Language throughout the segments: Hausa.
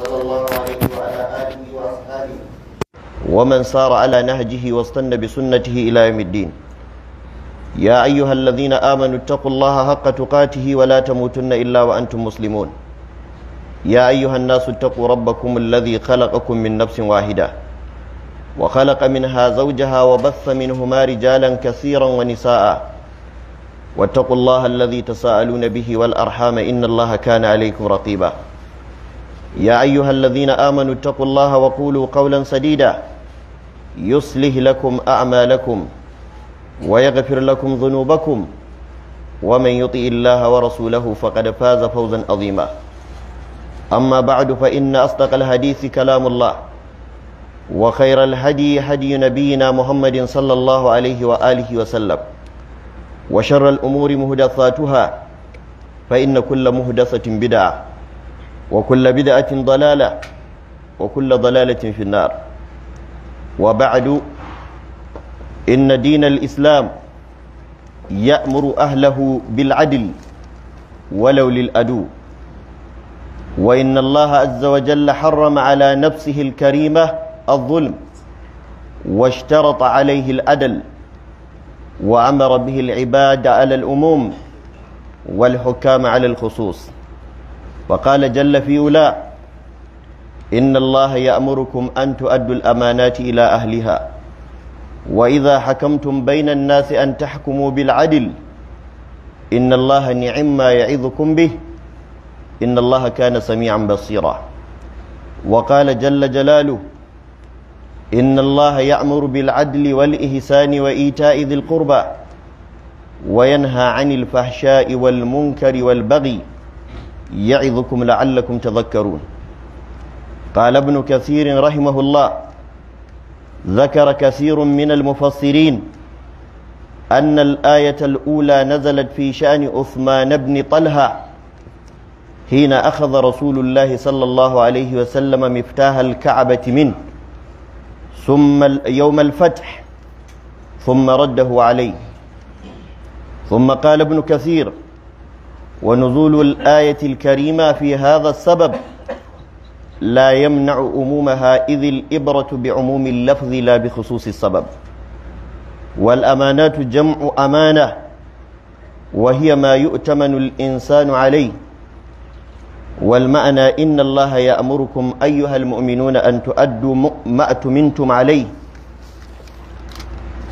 صلى الله عليه وعلى آله وأصحابه ومن سار على نهجه واستنى بسنته إلى يوم الدين يا أيها الذين آمنوا اتقوا الله حق تقاته ولا تموتن إلا وأنتم مسلمون يا أيها الناس اتقوا ربكم الذي خلقكم من نفس واحدة وخلق منها زوجها وبث منهما رجالا كثيرا ونساء واتقوا الله الذي تساءلون به والأرحام إن الله كان عليكم رقيباً يا أيها الذين آمنوا اتقوا الله وقولوا قولا سديدا يصلح لكم أعمالكم ويغفر لكم ذنوبكم ومن يطع الله ورسوله فقد فاز فوزا عظيما أما بعد فإن أصدق الحديث كلام الله وخير الهدي هدي نبينا محمد صلى الله عليه وآله وسلم وشر الأمور مهدثاتها فإن كل مهدثة بدعة وكل بدعة ضلالة وكل ضلالة في النار وبعد إن دين الإسلام يأمر أهله بالعدل ولو للأدو وإن الله عز وجل حرم على نفسه الكريمة الظلم واشترط عليه الأدل وأمر به العباد على الأموم والحكام على الخصوص وقال جل في أولى إن الله يأمركم أن تؤدوا الأمانات إلى أهلها وإذا حكمتم بين الناس أن تحكموا بالعدل إن الله نعم ما يعظكم به إن الله كان سميعا بصيرا وقال جل جلاله إن الله يأمر بالعدل والإحسان وإيتاء ذي القربى وينهى عن الفحشاء والمنكر والبغي يعظكم لعلكم تذكرون قال ابن كثير رحمه الله ذكر كثير من المفسرين أن الآية الأولى نزلت في شأن عثمان بن طلحة حين أخذ رسول الله صلى الله عليه وسلم مفتاح الكعبة منه ثم يوم الفتح ثم رده عليه ثم قال ابن كثير ونزول الآية الكريمة في هذا السبب لا يمنع أمومها إذ الإبرة بعموم اللفظ لا بخصوص السبب والأمانات جمع أمانة وهي ما يؤتمن الإنسان عليه والمعنى إن الله يأمركم أيها المؤمنون أن تؤدوا ما أتمنتم عليه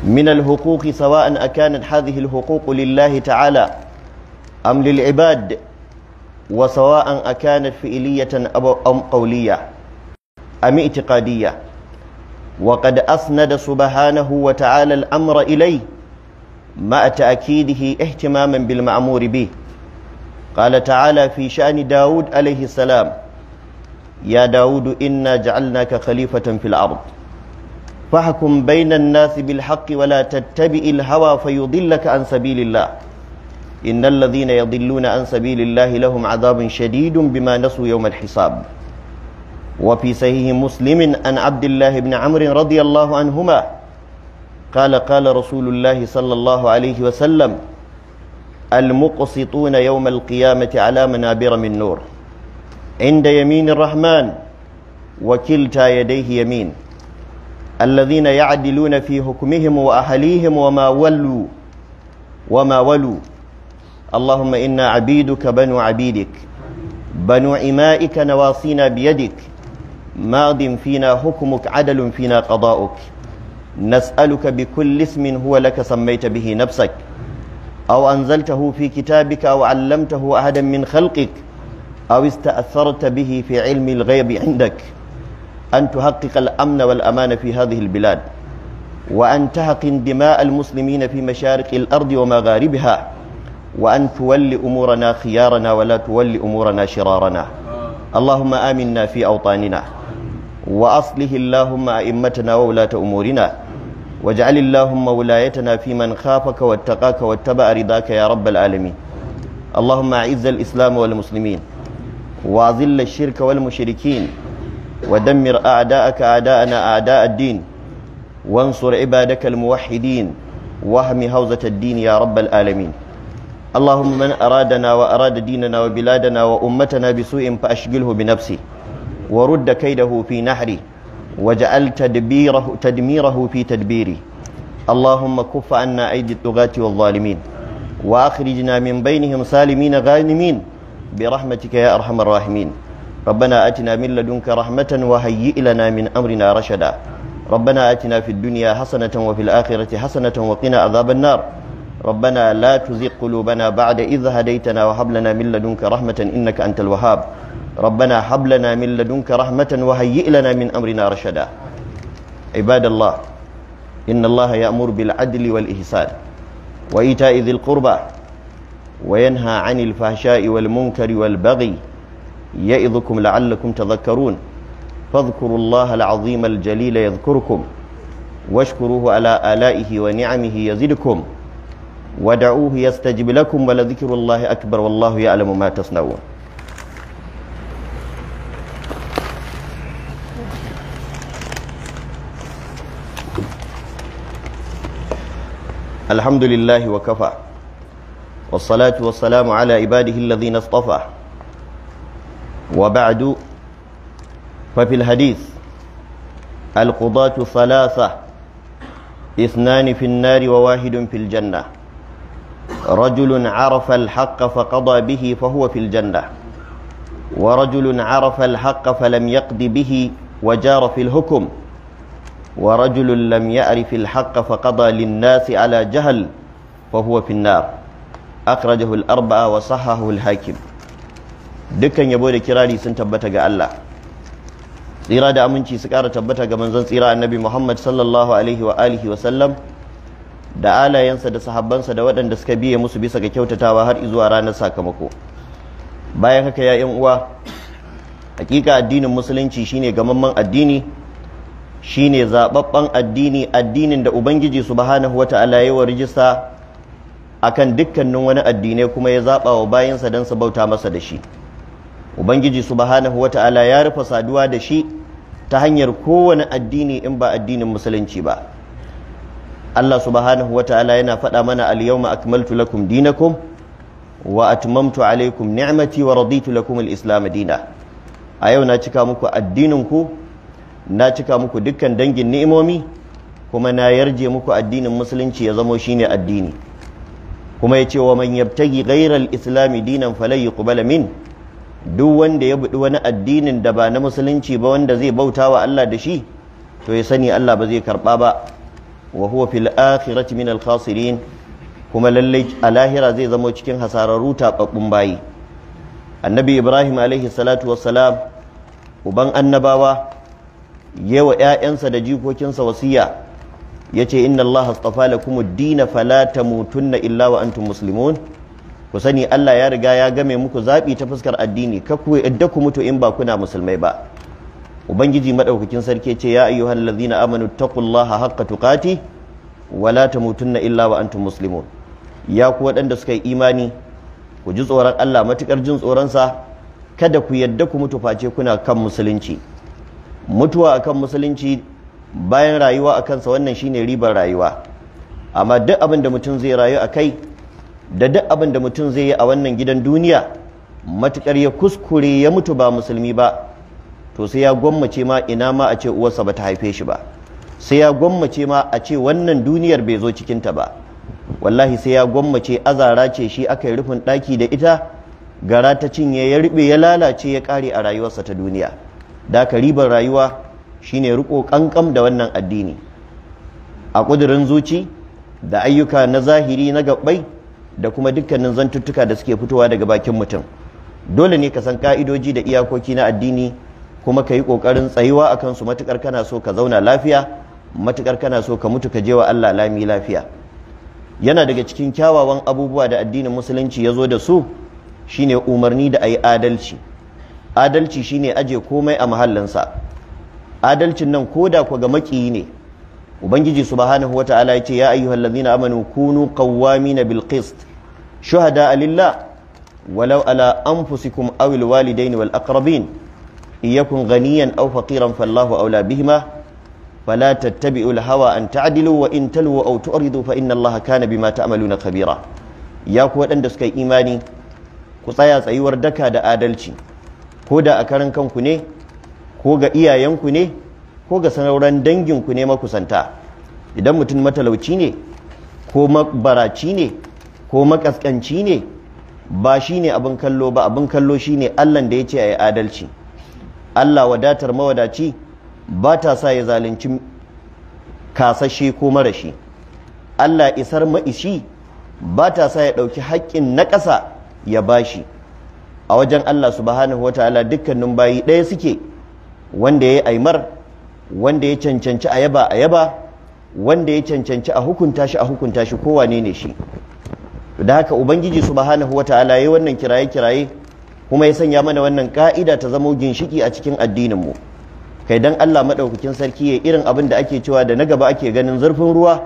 من الحقوق سواء أكانت هذه الحقوق لله تعالى أم للعباد وسواء أكانت فئلية أم قولية أم اعتقادية وقد أسند سبحانه وتعالى الأمر إليه مع تأكيده اهتماما بالمعمور به قال تعالى في شأن داود عليه السلام يا داود إنا جعلناك خليفة في الأرض فاحكم بين الناس بالحق ولا تتبع الهوى فيضلك عن سبيل الله إن الذين يضلون عن سبيل الله لهم عذاب شديد بما نسوا يوم الحساب وفي صحيح مسلم أن عبد الله بن عمرو رضي الله عنهما قال قال رسول الله صلى الله عليه وسلم المقسطون يوم القيامة على منابر من نور عند يمين الرحمن وكلتا يديه يمين الذين يعدلون في حكمهم وأهليهم وما ولوا وما ولوا اللهم إنا عبيدك بنو عبيدك بنو إمائك نواصينا بيدك ماض فينا حكمك عدل فينا قضاؤك نسألك بكل اسم هو لك سميت به نفسك أو أنزلته في كتابك أو علمته أحدا من خلقك أو استأثرت به في علم الغيب عندك أن تحقق الأمن والأمان في هذه البلاد وأن تهقن دماء المسلمين في مشارق الأرض ومغاربها وأن تولي أمورنا خيارنا ولا تولي أمورنا شرارنا اللهم آمنا في أوطاننا وأصله اللهم أئمتنا وولاة أمورنا واجعل اللهم ولايتنا في من خافك واتقاك واتبع رضاك يا رب العالمين اللهم أعز الإسلام والمسلمين وأذل الشرك والمشركين ودمر أعداءك أعداءنا أعداء الدين وانصر عبادك الموحدين وهم هوزة الدين يا رب العالمين اللهم من أرادنا وأراد ديننا وبلادنا وأمتنا بسوء فأشغله بنفسه ورد كيده في نحره وجعل تدبيره, تدميره في تدبيره اللهم كف عنا أيدي الطغاة والظالمين وأخرجنا من بينهم سالمين غانمين برحمتك يا أرحم الراحمين ربنا أتنا من لدنك رحمة وهيئ لنا من أمرنا رشدا ربنا أتنا في الدنيا حسنة وفي الآخرة حسنة وقنا عذاب النار ربنا لا تزغ قلوبنا بعد إذ هديتنا وهب لنا من لدنك رحمة إنك أنت الوهاب ربنا هب لنا من لدنك رحمة وهيئ لنا من أمرنا رشدا عباد الله إن الله يأمر بالعدل والإحسان وإيتاء ذي القربى وينهى عن الفحشاء والمنكر والبغي يئذكم لعلكم تذكرون فاذكروا الله العظيم الجليل يذكركم واشكروه على آلائه ونعمه يزدكم ودعوه يستجب لكم ولذكر الله أكبر والله يعلم ما تصنعون الحمد لله وكفى والصلاة والسلام على عباده الذين اصطفى وبعد ففي الحديث القضاة ثلاثة اثنان في النار وواحد في الجنة رجل عرف الحق فقضى به فهو في الجنة ورجل عرف الحق فلم يقض به وجار في الحكم ورجل لم يعرف الحق فقضى للناس على جهل فهو في النار أخرجه الأربعة وصححه الحاكم dukkan yabo da kirari sun tabbata ga Allah tsira da aminci su ƙara tabbata ga manzon tsira annabi Muhammad sallallahu alaihi wa alihi wa sallam da alayensa da sahabbansa da waɗanda suka biya musu bisa ga kyautatawa har izuwa ranar sakamako bayan haka ya uwa hakika addinin musulunci shine gamamman addini shine zababban addini addinin da ubangiji subhanahu ala ya wa rijista akan dukkanin wani addinai kuma ya zaɓa wa bayansa don su bauta masa da shi ubangiji subhanahu wata'ala ya rufe saduwa da shi ta hanyar kowane addini in ba addinin musulunci ba Allah subhanahu wa ta'ala yana faɗa mana al-yawma akmaltu lakum dinakum wa atmamtu alaikum ni'mati wa raditu lakum al-islam dina a yau na cika muku addinin ku na cika muku dukkan dangin ni'imomi kuma na yarje muku addinin musulunci ya zamo shine addini kuma yace wa man yabtagi ghayra al-islam dinan falan yuqbala min duk wanda ya budi wani addinin da ba na musulunci ba wanda zai bautawa Allah da shi to ya sani Allah ba zai karba ba wa huwa fil akhirati minal khasirin kuma lallai a lahira zai zama cikin hasararru tababbun bayi annabi ibrahim alaihi salatu wassalam uban annabawa yawa ƴaƴansa da jikokinsa wasiya yace inna allaha astafa lakum ad-din fala tamutunna illa wa antum muslimun ku sani Allah ya riga ya game muku zaɓi ta fuskar addini ka ku yadda ku mutu in ba kuna musulmai ba ubangiji madaukakin sarki ce ya ayyuhal ladina amanu taqullaha haqqa tuqati wala mutu tamutunna illa wa antum muslimun ya ku wadanda suka yi imani ku ji tsoron Allah matukar jin tsoron sa? kada ku yadda ku mutu face kuna kan musulunci mutuwa akan musulunci bayan rayuwa a kansa wannan shine ribar rayuwa amma duk abin da mutum zai rayu a kai da duk abin da mutum zai yi a wannan gidan duniya matukar ya kuskure ya mutu ba musulmi ba to sai ya gwammace ma ina ma a ce uwarsa ba ta haife shi ba sai ya gwammace ma a ce wannan duniyar bai zo cikinta ba wallahi sai ya gwammace azara ce shi aka yi rufin ɗaki da ita gara ta cinye ya ruɓe ya lalace ya kare a rayuwarsa ta duniya da ka ribar rayuwa shine riko ƙanƙam da wannan addini a ƙudurin zuci da ayyuka na zahiri na gaɓai da kuma dukkanin zantuttuka da suke fitowa daga bakin mutum dole ne ka san ka'idoji da iyakoki na addini kuma ka yi ƙoƙarin tsayuwa a kansu matuƙar kana so ka zauna lafiya matuƙar kana so ka mutu ka je wa Allah lami lafiya yana daga cikin kyawawan abubuwa da addinin musulunci ya zo da su shine umarni da a yi adalci adalci shine aje komai a mahallinsa adalcin nan ko da ku ga makiyi ne ubangiji subhanahu ta'ala ya ce ya ayyuhal ladzina amanu kunu qawwamina bil qist shuhada lillah walau ala anfusikum awil walidaini wal aqrabin yakun ganiyan aw faqiran fallahu aula bihima fala tattabi'u hawa an ta'dilu wa in talu aw tu'ridu fa inna allaha kana bima ta'maluna khabira ya ku wadanda suka yi imani ku tsaya tsayuwar daka da adalci ko da a karan kanku ne ko ga iyayenku ne ko ga sanauran danginku ne makusanta idan mutum matalauci ne ko mabaraci ne ko makaskanci ne ba shi ne abin kallo ba abin kallo shi ne da ya ce a yi adalci Allah wadatar mawadaci ba ta sa ya zalunci kasashe ko marashi Allah isar ma'ishi ba ta sa ya ɗauki haƙƙin na ƙasa ya bashi a wajen Allah subhanahu ala dukkanin bayi ɗaya suke wanda ya yi aimar wanda ya cancanci a yaba a yaba wanda ya cancanci a hukunta shi a hukunta shi kowane ne shi da haka ubangiji subhanahu ta'ala ya yi wannan kiraye kiraye kuma ya sanya mana wannan ka'ida ta zama ginshiki a cikin addinin mu kai dan Allah madaukakin sarki ya irin abin da ake cewa da na gaba ake ganin zurfin ruwa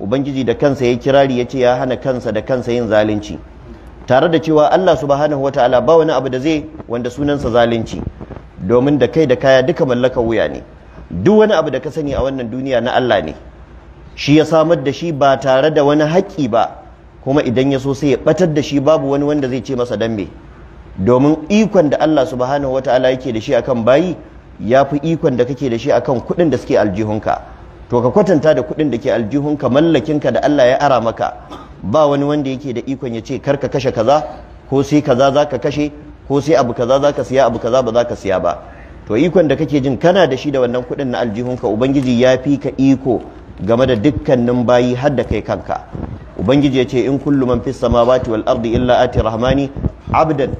ubangiji da kansa ya kirari ya ce ya hana kansa da kansa yin zalunci tare da cewa Allah subhanahu wataala ba wani abu da zai wanda sunansa zalunci domin da kai da kaya duka mallakar wuya ne duk wani abu da ka sani a wannan duniya na Allah ne shi ya samar da shi ba tare da wani haƙƙi ba kuma idan ya so sai ya batar da shi babu wani wanda zai ce masa dambe domin ikon da Allah subhanahu wataala yake da shi akan bayi ya fi ikon da kake da shi akan kuɗin da suke aljihunka to ka kwatanta da kuɗin da ke aljihunka mallakinka da Allah ya ara maka ba wani wanda yake da ikon ya ce kar ka kashe kaza ko sai kaza za ka kashe ko sai abu kaza za ka siya abu kaza ba za ka siya ba to ikon da kake jin kana da shi da wannan kuɗin na aljihunka ubangiji ya fi ka iko game da dukkanin bayi har da kai kanka ubangiji ya ce in kullu man fis samawati wal ardi illa ati rahmani abdan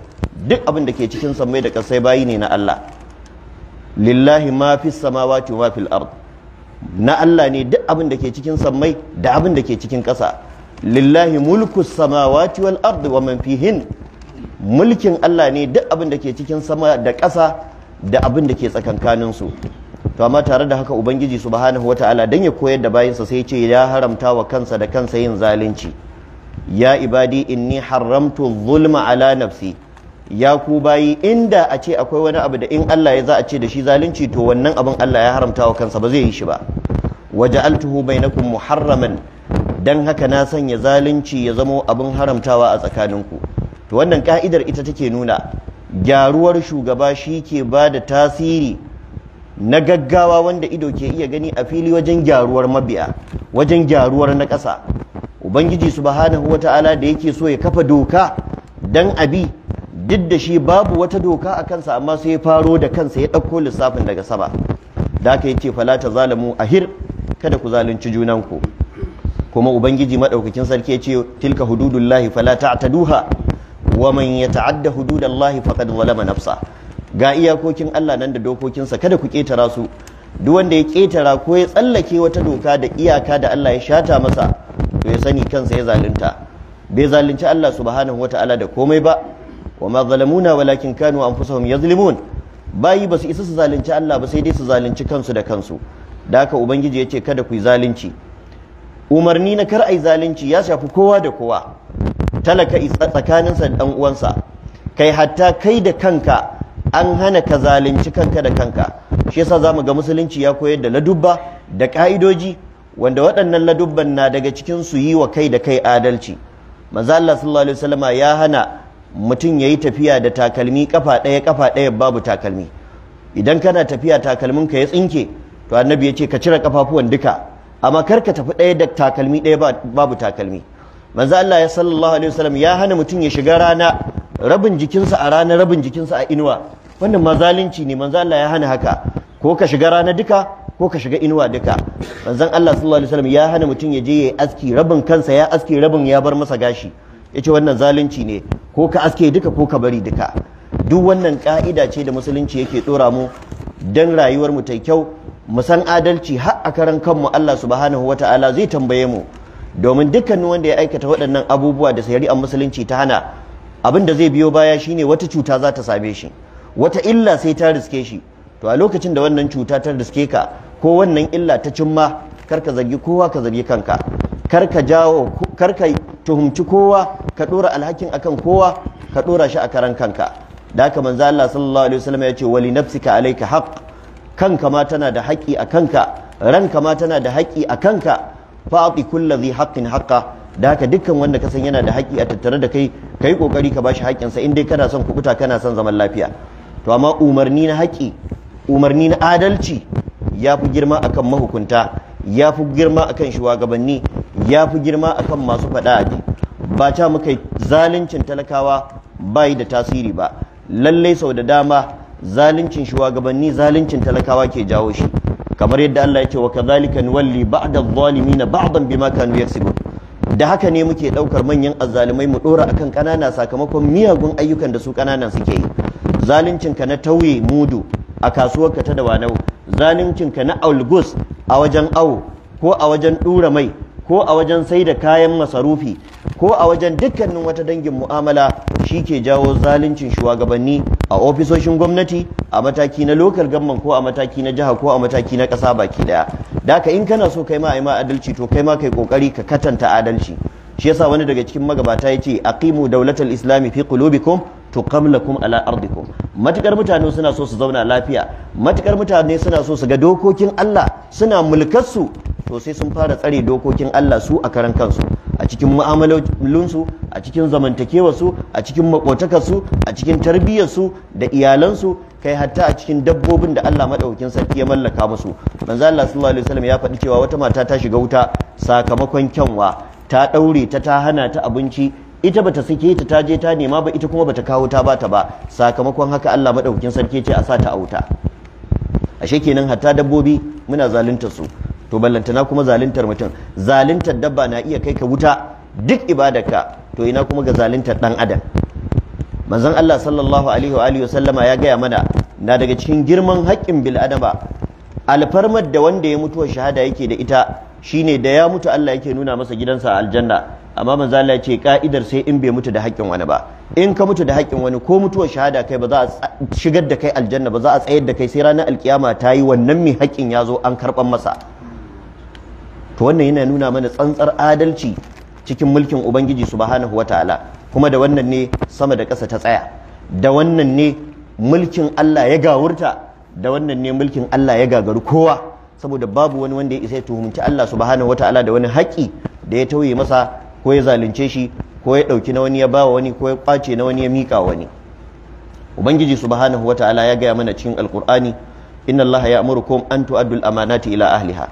duk abin da ke cikin samme da ƙasai bayi ne na Allah lillahi ma fi samawati wa fil ard na Allah ne duk abin da ke cikin samme da abin da ke cikin ƙasa lillahi mulku samawati wal ard wa man fihin mulkin Allah ne duk abin da ke cikin sama da ƙasa da abin da ke tsakankanin su to amma tare da haka ubangiji subhanahu wataala dan ya koyar da bayinsa sai ya ce ya haramta wa kansa da kansa yin zalunci ya ibadi inni haramtu zulma ala nafsi ya ku bayi inda a ce akwai wani abu da in Allah ya za a ce da shi zalunci to wannan abin Allah ya haramta wa kansa ba zai yi shi ba Waje bai bainakum muharraman dan haka na sanya zalunci ya zama abin haramtawa a tsakaninku to wannan ka'idar ita take nuna gyaruwar shugaba shi ke ba da tasiri na gaggawa wanda ido ke iya gani a fili wajen gyaruwar mabiya wajen gyaruwar na ƙasa ubangiji subhanahu wata'ala da yake so ya kafa doka dan abi duk da shi babu wata doka a kansa amma sai ya faro da kansa ya ɗauko lissafin daga sama da aka yi ce fala ta a ahir kada ku zalunci junanku kuma ubangiji maɗaukakin sarki ya ce tilka hududullahi fala taduha wa man yata'adda hududallahi faqad zalama nafsa ga iyakokin Allah nan da dokokinsa kada ku ketara su duk wanda ya ketara ko ya tsallake wata doka da iyaka da Allah ya shata masa to ya sani kansa ya zalunta bai zalunci Allah subhanahu wataala da komai ba wa ma zalamuna walakin kanu anfusahum yazlimun bai basu isa su zalunci Allah ba sai dai su zalunci kansu da kansu da haka ubangiji yace kada ku yi zalunci umarni na kar ai zalunci ya shafi kowa da kowa talaka tsakaninsa da dan uwansa kai hatta kai da kanka an hana ka zalunci kanka da kanka shi yasa zamu ga musulunci ya koyar da ladubba da ka'idoji wanda waɗannan ladubban na daga cikin su yi wa kai da kai adalci manzo Allah sallallahu alaihi wasallama ya hana mutum ya yi tafiya da takalmi kafa ɗaya kafa ɗaya babu takalmi idan kana tafiya takalmin ka ya tsinke to annabi ya ce ka cire kafafuwan duka amma kar ka tafi ɗaya da takalmi ɗaya babu takalmi manzo Allah ya sallallahu alaihi wasallam ya hana mutum ya shiga rana rabin jikinsa a rana rabin jikinsa a inuwa wannan ma ne manzo Allah ya hana haka ko ka shiga rana duka ko ka shiga inuwa duka manzon Allah sallallahu alaihi wasallam ya hana mutum ya je ya aski rabin kansa ya aski rabin ya bar masa gashi yace wannan zalunci ne ko ka aske duka ko ka bari duka duk wannan ka'ida ce da musulunci yake dora mu dan rayuwar mu ta kyau mu san adalci har a karan kanmu Allah subhanahu wataala zai tambaye mu domin dukkanin wanda ya aikata waɗannan abubuwa da sayari an musulunci ta hana abin da zai biyo baya shine wata cuta za ta same shi wata illa sai ta riske shi to a lokacin da wannan cuta ta riske ka ko wannan illa ta cimma kar ka zargi kowa ka zargi kanka karka jawo karka tuhumci kowa ka dora alhakin akan kowa ka dora shi a karan kanka da haka manzo Allah sallallahu alaihi wasallam ya ce wali nafsika alayka haqq kanka ma tana da haƙi a kanka ranka ma tana da haƙi a kanka fa'ati kulli haqqin haqqa da haka dukkan wanda ka san yana da haƙi a tattare da kai kai kokari ka bashi haƙƙinsa in dai kana son kukuta kana son zaman lafiya to amma umarni na haƙi umarni na adalci ya fi girma akan mahukunta ya fi girma akan shugabanni ya fi girma akan masu faɗa a ba ta muka zaluncin talakawa bai da tasiri ba lallai sau da dama zaluncin shugabanni zaluncin talakawa ke jawo shi kamar yadda Allah ya ce wa kadhalika nuwalli ba'da adh-dhalimin ba'dan bima kanu yaksibun da haka ne muke daukar manyan azzalumai mu dora akan kanana sakamakon miyagun ayyukan da su kanana suke yi zaluncin ka na tauye mudu a kasuwar ka ta dawanau zaluncin ka na algus a wajen awo ko a wajen ɗura mai ko a wajen sai da kayan masarufi ko a wajen dukkanin wata dangin mu'amala shi ke jawo zaluncin shugabanni a ofisoshin gwamnati a mataki na lokal gamman ko a mataki na jiha ko a mataki na ƙasa baki daya daka in kana so kai ma ai ma adalci to kai ma kai kokari ka katanta adalci shi yasa wani daga cikin magabata ya ce a aqimu daulatar islami fi qulubikum tuqam kuma ala ardikum matukar mutane suna so su zauna lafiya matukar mutane suna so su ga dokokin Allah suna mulkar su to sai sun fara tsare dokokin Allah su a karan kansu a cikin mu'amalolin su a cikin zamantakewar su a cikin makotakar a cikin tarbiyyar su da iyalansu, kai hatta a cikin dabbobin da Allah madaukakin sarki ya mallaka musu manzo Allah sallallahu alaihi wasallam ya faɗi cewa wata mata ta shiga wuta sakamakon kyanwa ta daure ta ta hana ta abinci ita bata sake ta ta je ta nema ba ita kuma bata kawo ta bata ba sakamakon haka Allah madaukakin sarki ce a sa ta auta ashe kenan hatta dabbobi muna zaluntar su to ballantana kuma zaluntar mutum zaluntar dabba na iya kai ka wuta duk ibadarka to ina kuma ga zaluntar dan adam manzon Allah sallallahu alaihi wa alihi sallama ya gaya mana na daga cikin girman haƙƙin bil adama alfarmar da wanda ya mutuwa shahada yake da ita Shi ne da ya mutu Allah yake nuna masa gidansa a aljanna amma manzo Allah ya ce ka'idar sai in bai mutu da haƙƙin wani ba in ka mutu da haƙƙin wani ko mutuwar shahada kai ba za a shigar da kai aljanna ba za a tsayar da kai sai ranar alkiyama ta yi wannan mai haƙƙin ya zo an karɓan masa to wannan yana nuna mana tsantsar adalci cikin mulkin ubangiji subhanahu wataala kuma da wannan ne sama da ƙasa ta tsaya da wannan ne mulkin Allah ya gawurta da wannan ne mulkin Allah ya gagaru kowa saboda babu wani wanda ya isa ya tuhumci Allah subhanahu wataala da wani haƙi da ya tauye masa ko ya zalunce shi ko ya ɗauki na wani ya bawa wani ko ya ƙwace na wani ya miƙa wani ubangiji subhanahu wataala ya gaya mana cikin alƙur'ani inna allaha ko an tu'addu al-amanati ila ahliha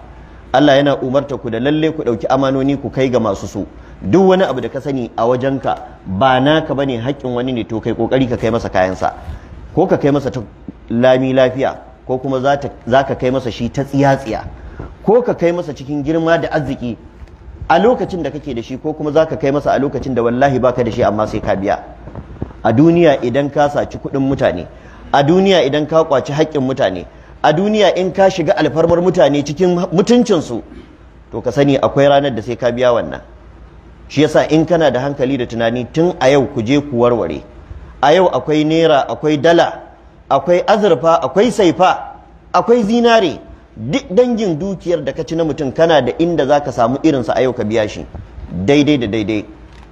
Allah yana umarta ku da lalle ku ɗauki amanoni ku kai ga masu su duk wani abu da ka sani a wajenka ba naka bane haƙƙin wani ne to kai ƙoƙari ka kai masa kayansa ko ka kai masa lami lafiya ko kuma za ka kai masa shi ta tsiya-tsiya ko ka kai masa cikin girma da arziki a lokacin da kake da shi ko kuma za ka kai masa a lokacin da wallahi baka da shi amma sai ka biya a duniya idan ka saci kuɗin mutane a duniya idan ka kwaci haƙƙin mutane a duniya in ka shiga alfarmar mutane cikin mutuncinsu to ka sani akwai ranar da sai ka biya wannan shi yasa in kana da hankali da tunani tun a yau ku je ku warware a yau akwai naira akwai dala akwai azurfa akwai saifa akwai zinare duk dangin dukiyar da ka ci na mutum kana da inda za ka samu irinsa a yau ka biya shi daidai da daidai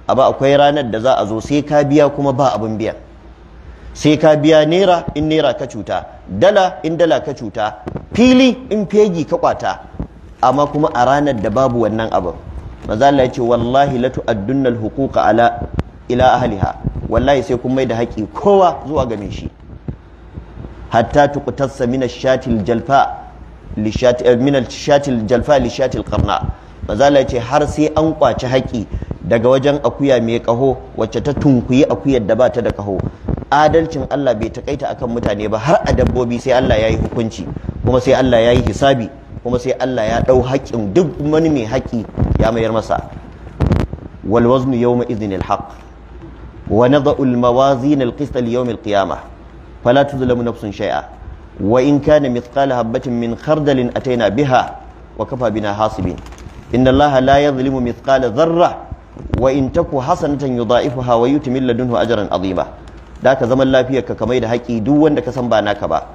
abu akwai ranar da za a zo sai ka biya kuma ba abin biya sai ka biya naira in naira ka cuta dala in dala ka cuta fili in fegi ka kwata amma kuma a ranar da babu wannan abin maza Allah ya ce wallahi latu addunnal huquqa ala ila ahliha wallahi sai kun mai da haƙi kowa zuwa ga mai shi hatta tuqtassa min ash-shatil jalfa li eh, min ash-shatil jalfa li shatil qarna mazala ce har sai an kwaci haƙi daga wajen akuya mai kaho wacce ta tunkuyi akuyar da bata da kaho adalcin Allah bai takaita akan mutane ba har a dabbobi sai Allah yayi hukunci kuma sai Allah ya hisabi kuma sai Allah ya ɗau haƙƙin duk wani mai haƙƙi ya mayar masa wal waznu yawma idhnil haqq wa nadha al mawazin al qist li yawm al qiyamah fala tuzlamu nafsun shay'a wa in kana mithqala habatin min khardalin ataina biha wa kafa bina hasibin inna allaha la yadhlimu mithqala dharra wa in taku hasanatan yudha'ifuha wa yuti min ladunhu ajran azima da ka zaman lafiyar ka kamar da haƙi duk wanda ka san ba naka ba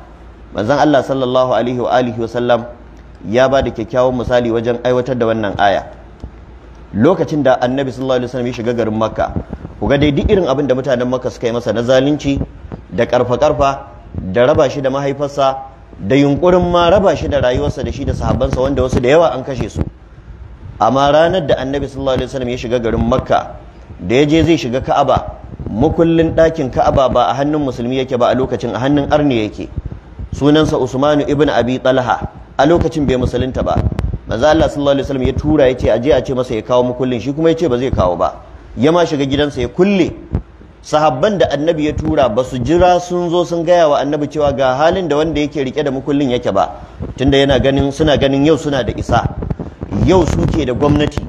manzon Allah sallallahu alaihi wa alihi wa sallam ya ba da kyakkyawan misali wajen aiwatar da wannan aya lokacin da annabi sallallahu alaihi wasallam ya shiga garin makka ku ga dai duk irin abin da mutanen makka suka yi masa na zalunci da karfa-karfa da raba shi da mahaifarsa da yunkurin ma raba shi da rayuwarsa da shi da sahabbansa wanda wasu da yawa an kashe su amma ranar da annabi sallallahu alaihi wasallam ya shiga garin makka da ya je zai shiga ka'aba mukullin ɗakin ka'aba ba a hannun musulmi yake ba a lokacin a hannun arni yake sunansa usmanu ibn abi talha a lokacin bai musulunta ba manzo Allah sallallahu alaihi wasallam ya tura yace aje a ce masa ya kawo mukullin shi kuma yace ba zai kawo ba ya ma shiga gidansa ya kulle sahabban da annabi ya tura ba su jira sun zo sun gaya wa annabi cewa ga halin da wanda yake rike da mukullin yake ba tunda yana ganin suna ganin yau suna da isa yau suke da gwamnati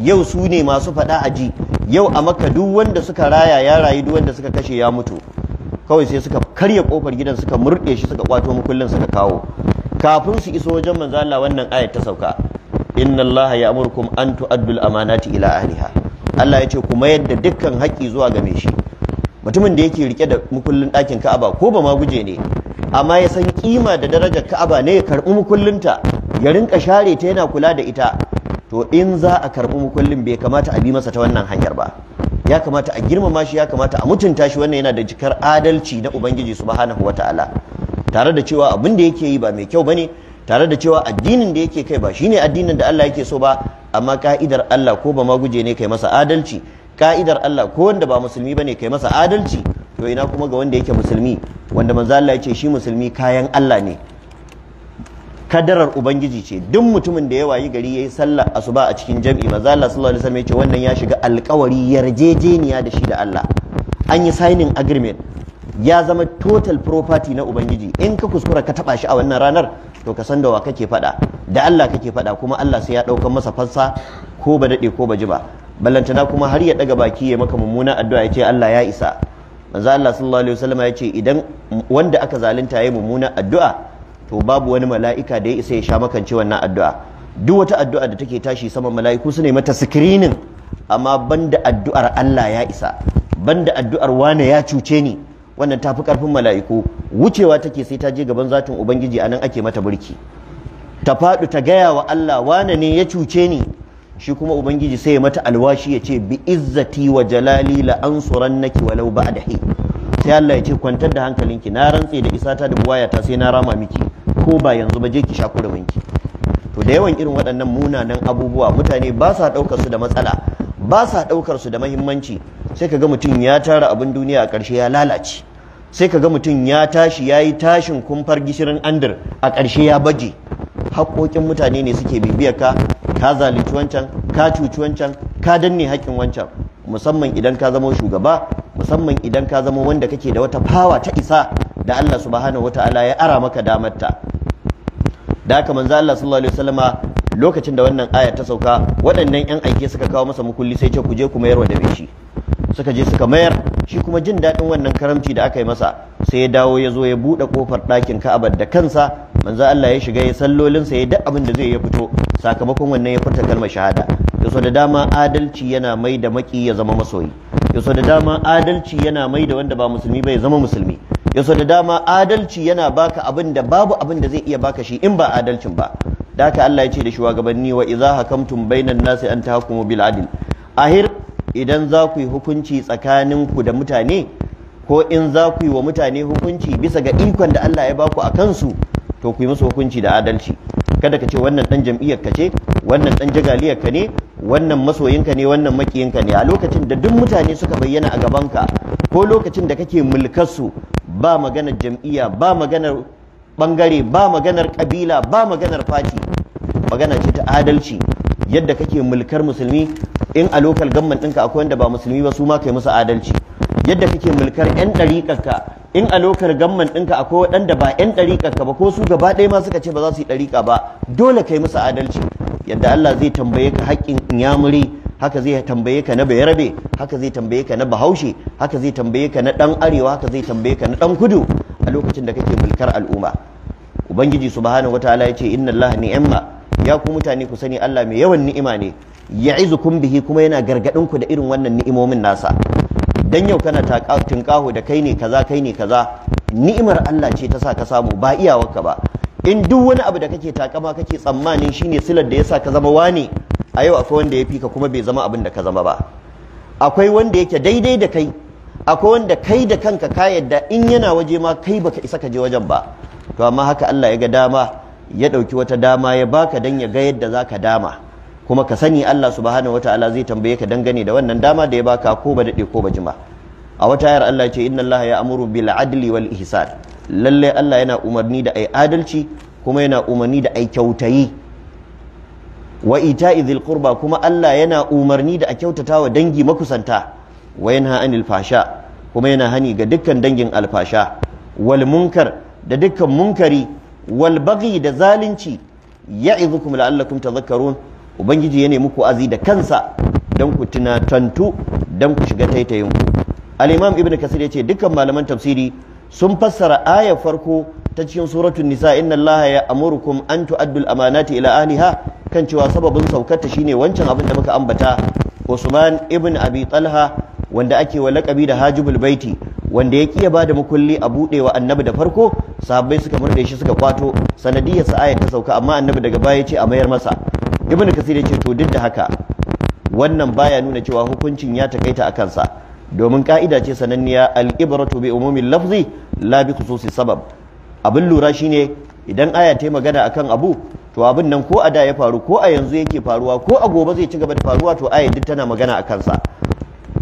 yau su ne masu faɗa ji. yau a maka duk wanda suka raya ya rayu duk wanda suka kashe ya mutu kawai sai suka karya kofar gidan suka murɗe shi suka kwato mukullin suka kawo kafin su iso wajen manzo Allah wannan ayat ta sauka inna ya ya'murukum an tu'addul amanati ila ahliha Allah ya ce ku mayar da dukkan haƙƙi zuwa game shi mutumin da yake rike da mukullin ɗakin Ka'aba ko ba ma guje ne amma ya san kima da darajar Ka'aba ne ya karɓi mukullinta ya rinka share ta yana kula da ita to in za a karɓi mukullin bai kamata a bi masa ta wannan hanyar ba ya kamata a girmama shi ya kamata a mutunta shi wannan yana da jikar adalci na ubangiji subhanahu wataala tare da cewa abin da yake yi ba mai kyau bane tare da cewa addinin da yake kai ba shine addinin da Allah yake so ba amma ka'idar Allah ko ba ma guje ne kai masa adalci ka'idar Allah ko wanda ba musulmi bane kai masa adalci to ina kuma ga wanda yake musulmi wanda manzo Allah yake shi musulmi kayan Allah ne kadarar ubangiji ce duk mutumin da ya wayi gari yayi sallah asuba a cikin jami'i manzo Allah sallallahu alaihi wasallam ya ce wannan ya shiga alkawari yarjejeniya da shi da Allah an yi signing agreement ya zama total property na ubangiji in ka kuskura ka taba shi a wannan ranar to ka san da wa kake fada da Allah kake fada kuma Allah sai ya daukan masa fansa ko ba dade ko ba ji ba ballantana kuma har ya daga baki ya maka mummuna addu'a ya ce Allah ya isa manzo Allah sallallahu alaihi wasallam ya ce idan wanda aka zalunta yayi mummuna addu'a to babu wani mala'ika da ya isa ya sha makance wannan addu'a duk wata addu'a da take tashi sama mala'iku su ne mata screening amma banda addu'ar Allah ya isa banda addu'ar wane ya cuce ni wannan ta fi karfin mala'iku wucewa take sai ta je gaban zatin ubangiji anan ake mata burki ta fadu ta gaya wa Allah wane ne ya cuce ni shi kuma ubangiji sai mata alwashi ya ce bi izzati wa jalali la ansurannaki walau ba'da hi sai Allah ya ce kwantar da hankalinki na rantse da isa ta da wayata ta sai na rama miki ko ba yanzu ba je ki sha kuruminki to da yawan irin waɗannan munanan abubuwa mutane ba sa ɗaukar su da matsala ba sa ɗaukar su da mahimmanci sai ka ga mutum ya tara abin duniya a ƙarshe ya lalace sai ka ga mutum ya tashi ya yi tashin kumfar gishirin andir a ƙarshe ya baje haƙoƙin mutane ne suke bibiyar ka ka zalunci wancan ka cuci wancan ka danne haƙƙin wancan musamman idan ka zama shugaba musamman idan ka zama wanda kake da wata fawa ta isa da Allah subhanahu wataala ya ara maka damar ta da haka manzo Allah sallallahu alaihi wasallama lokacin da wannan aya ta sauka waɗannan yan aiki suka kawo masa mukulli sai ce ku je ku mayar wa da shi suka je suka mayar shi kuma jin daɗin wannan karamci da aka yi masa sai ya dawo ya zo ya buɗe ƙofar ɗakin Ka'aba da kansa manzo Allah ya shiga ya sallolinsa ya duk abin da zai ya fito sakamakon wannan ya furta kalmar shahada yaso da dama adalci yana mai da maki ya zama masoyi yaso da dama adalci yana mai da wanda ba musulmi ba ya zama musulmi yaso da dama adalci yana baka abin da babu abin da zai iya baka shi in ba adalcin ba da haka Allah ya ce da shugabanni wa idza hakamtum bainan nasi an tahkumu bil adl ahir idan za ku yi hukunci tsakaninku da mutane ko in za ku yi wa mutane hukunci bisa ga ikon da Allah ya baku a kansu to ku yi musu hukunci da adalci kada ka ce wannan dan jam'iyyar ka ce wannan dan jagaliyar ka ne wannan masoyinka ne wannan makiyinka ne a lokacin da duk mutane suka bayyana a gabanka ko lokacin da kake mulkarsu ba maganar jam'iyya ba maganar bangare ba maganar kabila ba maganar fati magana ce ta adalci yadda kake mulkar musulmi in a lokal gamman ɗinka akwai wanda ba musulmi ba su ma kai musu adalci yadda kake mulkar 'yan ɗariƙarka in a lokar gamman ɗinka akwai waɗanda ba 'yan ɗariƙarka ba ko su gaba ɗaya ma suka ce ba za su yi ɗariƙa ba dole kai musu adalci yadda Allah zai tambaye ka haƙƙin inyamuri haka zai tambaye ka na bayarabe haka zai tambaye ka na bahaushe haka zai tambaye ka na ɗan arewa haka zai tambaye ka na ɗan kudu a lokacin da kake mulkar al'umma ubangiji subhanahu wataala ya ce inna allaha ni'amma ya ku mutane ku sani Allah mai yawan ni'ima ne ya'izukum bihi kuma yana gargadin ku da irin wannan ni'imomin nasa dan yau kana kaho da kai ne kaza kai ne kaza ni'imar Allah ce ta sa ka samu ba iyawarka ba in duk wani abu da kake takama kake tsammanin shine silar da yasa ka zama wane a yau akwai wanda ya fi ka kuma bai zama abin da ka zama ba akwai wanda yake daidai da kai akwai wanda kai da kanka ka yadda in yana waje ma kai baka isa ka je wajen ba to amma haka Allah ya ga dama ya ɗauki wata dama ya baka dan ya ga yadda za ka dama kuma ka sani Allah subhanahu wataala zai tambaye ka dangane da wannan dama da ya baka ko ba dade ko ba jima a wata ayar Allah ce inna Allah ya amuru bil adli wal ihsan lalle Allah yana umarni da ai adalci kuma yana umarni da ai kyautayi wa ita'i dhil qurba kuma Allah yana umarni da a kyautata wa dangi makusanta wa yanha anil fasha kuma yana hani ga dukkan dangin alfasha wal munkar da dukkan munkari wal baghi da zalunci ya'idukum la'allakum tadhakkarun ubangiji ya nemi ku azi da kansa don ku tunatantu don ku shiga taitayin ku al-imam ibnu kasir yace dukkan malaman tafsiri sun fassara ayar farko ta cikin suratul nisa inna allaha ya amurukum an tu'addu al-amanati ila ahliha kan cewa sababin saukarta shine wancan abin da muka ambata Usman ibn Abi Talha wanda ake wa lakabi da Hajibul Baiti wanda ya kiya da mukulli a budewa annabi da farko sahabbai suka murde shi suka kwato sanadiyar sa ayar ta sauka amma annabi daga baya ya ce a mayar masa ibn kasir ya ce to duk da haka wannan baya nuna cewa hukuncin ya takaita a kansa domin ka'ida ce sananniya al-ibratu bi umumin lafzi la bi khususi sabab abin lura shine idan aya ta yi magana akan abu to abin nan ko a da ya faru ko a yanzu yake faruwa ko a gobe zai ci gaba da faruwa to aya duk tana magana a kansa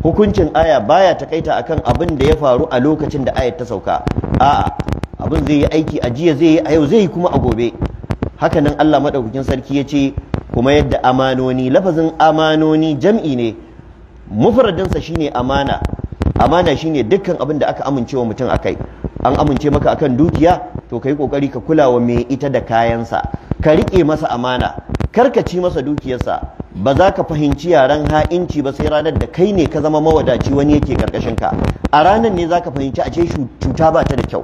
hukuncin aya baya takaita akan abin da ya faru a lokacin da aya ta sauka a'a abin zai yi aiki a jiya zai yi a yau zai yi kuma a gobe hakanan Allah madaukakin sarki ya ce kuma yadda amanoni lafazin amanoni jam'i ne mufradinsa shine amana amana shine dukkan abin da aka wa mutum akai an amince maka akan dukiya to kai kokari ka kula wa me ita da kayansa ka rike masa amana karkaci masa dukiyarsa ba za ka fahimci yaren ha'inci ba sai ranar da kai ne ka zama mawadaci wani yake karkashin ka a ranar ne za ka fahimci a ce cuta ba ta da kyau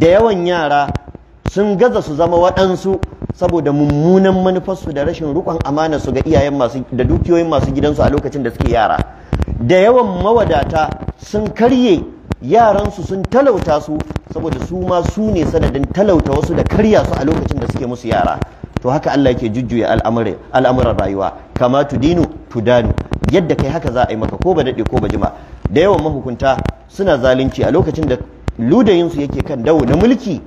da yawan yara sun gaza su zama waɗansu saboda mummunan manufarsu da rashin rukon amana su ga iyayen masu da dukiyoyin masu gidansu a lokacin da suke yara da yawan mawadata sun karye yaransu sun talauta su saboda su ma su ne sanadin talauta wasu da karya su a lokacin da suke musu yara to haka Allah yake jujjuya al'amuran rayuwa kama tu dinu tu tudanu yadda kai haka za a yi maka ko ba daɗe ko ba jima da yawan mahukunta suna zalunci a lokacin da ludayinsu yake kan dawo na mulki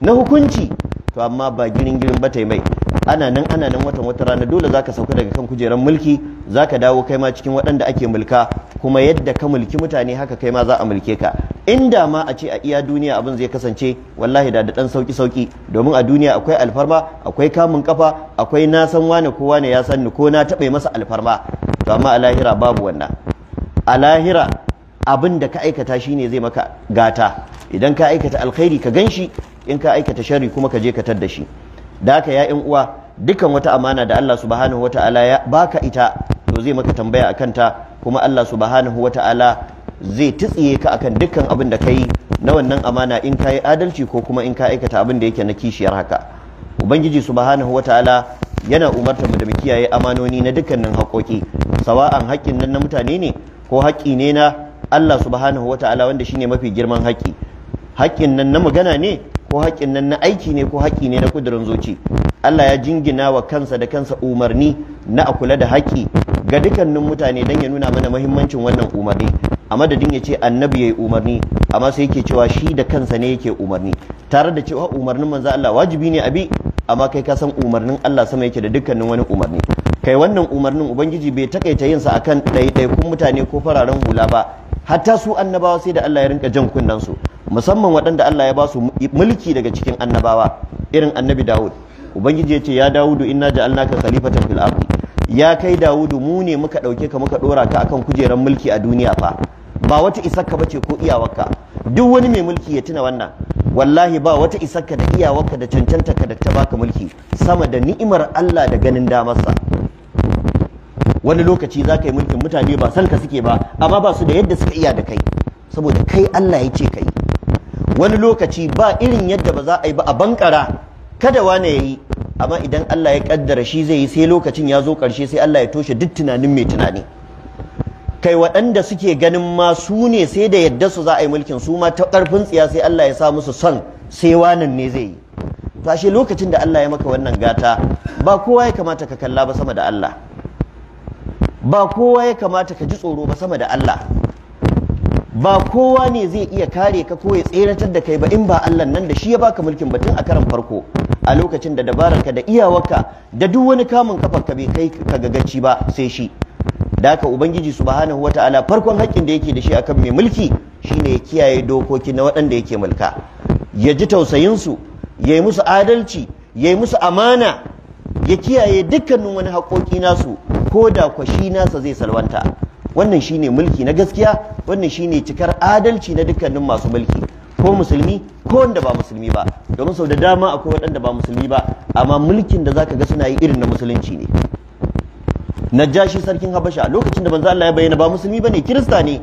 na hukunci to amma ba girin girin ba mai ana nan ana nan watan wata rana dole zaka sauka daga kan kujerar mulki zaka dawo kai ma cikin waɗanda ake mulka kuma yadda ka mulki mutane haka kai ma za a mulke ka inda ma a ce a iya duniya abin zai kasance wallahi da da dan sauki sauki domin a duniya akwai alfarma akwai kamun kafa akwai na san wane ko wane ya san ni ko na taɓa masa alfarma to amma a lahira babu wannan a lahira abin da ka aikata shine zai maka gata idan ka aikata alkhairi ka ganshi in ka aikata shari kuma ka je ka tar da shi da haka ya uwa dukkan wata amana da Allah subhanahu ta'ala ya baka ita to zai maka tambaya akan ta kuma Allah subhanahu ta'ala zai tsiye ka akan dukkan abin da kai na wannan amana in ka yi adalci ko kuma in ka aikata abin da yake na kishiyar haka ubangiji subhanahu ta'ala yana umarta mu da mu kiyaye amanoni na dukkanin hakoki. sawa'an haƙƙin nan na mutane ne ko haƙƙi ne na Allah subhanahu ta'ala wanda ne mafi girman haƙƙi haƙƙin nan na magana ne ko haƙƙin nan na aiki ne ko haƙƙi ne na kudurin zoci? Allah ya jingina wa kansa da kansa umarni na a kula da haƙƙi ga dukkanin mutane don ya nuna mana mahimmancin wannan umarni a madadin ya ce annabi ya yi umarni amma sai yake cewa shi da kansa ne yake umarni tare da cewa umarnin manzo Allah wajibi ne abi amma kai ka san umarnin Allah sama yake da dukkanin wani umarni kai wannan umarnin ubangiji bai takaita yinsa akan ɗaiɗaikun mutane ko fararen hula ba hatta su annabawa sai da Allah ya rinka jan kunnen su musamman waɗanda Allah ya ba su mulki daga cikin annabawa irin annabi Dawud ubangiji ya ce ya Dawudu inna ja'alnaka khalifatan fil ardi ya kai Dawudu mu ne muka dauke ka muka dora ka akan kujeran mulki a duniya fa ba wata isakka bace ko iyawarka duk wani mai mulki ya tuna wannan wallahi ba wata isakka da iyawarka da cancanta ka da ta baka mulki sama da ni'imar Allah da ganin damarsa wani lokaci za ka yi mulkin mutane ba san ka suke ba amma ba su da yadda suka iya da kai saboda kai Allah ya ce ka wani lokaci ba irin yadda ba za a yi ba a bankara kada wane ya yi amma idan Allah ya kaddara shi zai yi sai lokacin ya zo karshe sai Allah ya toshe duk tunanin mai tunani kai waɗanda suke ganin ma su ne sai da yadda su za a yi mulkin su ma ta ƙarfin tsiya sai Allah ya sa musu son sai wanan ne zai yi to ashe lokacin da Allah ya maka wannan gata ba kowa ya kamata ka kalla ba sama da Allah ba kowa ya kamata ka ji tsoro ba sama da Allah ba kowa ne zai iya kare ka ko ya tseratar da kai ba in ba Allah nan da shi ya baka mulkin batun a karan farko a lokacin da ka da iyawarka da duk wani kamun kafar ka bai kai ka gagaci ba sai shi da haka ubangiji subhanahu wataala farkon haƙƙin da yake da shi akan mai mulki shine ya kiyaye dokoki na waɗanda yake mulka ya ji tausayin ya yi musu adalci ya yi musu amana ya kiyaye dukkanin wani haƙoƙi nasu ko da kwashi nasa zai salwanta wannan shine mulki na gaskiya wannan shine cikar adalci na dukkanin masu mulki ko musulmi ko wanda ba musulmi ba domin sau da dama akwai waɗanda ba musulmi ba amma mulkin da zaka ga suna yi irin na musulunci ne najashi sarkin habasha lokacin da manzo Allah ya bayyana ba musulmi bane kirista ne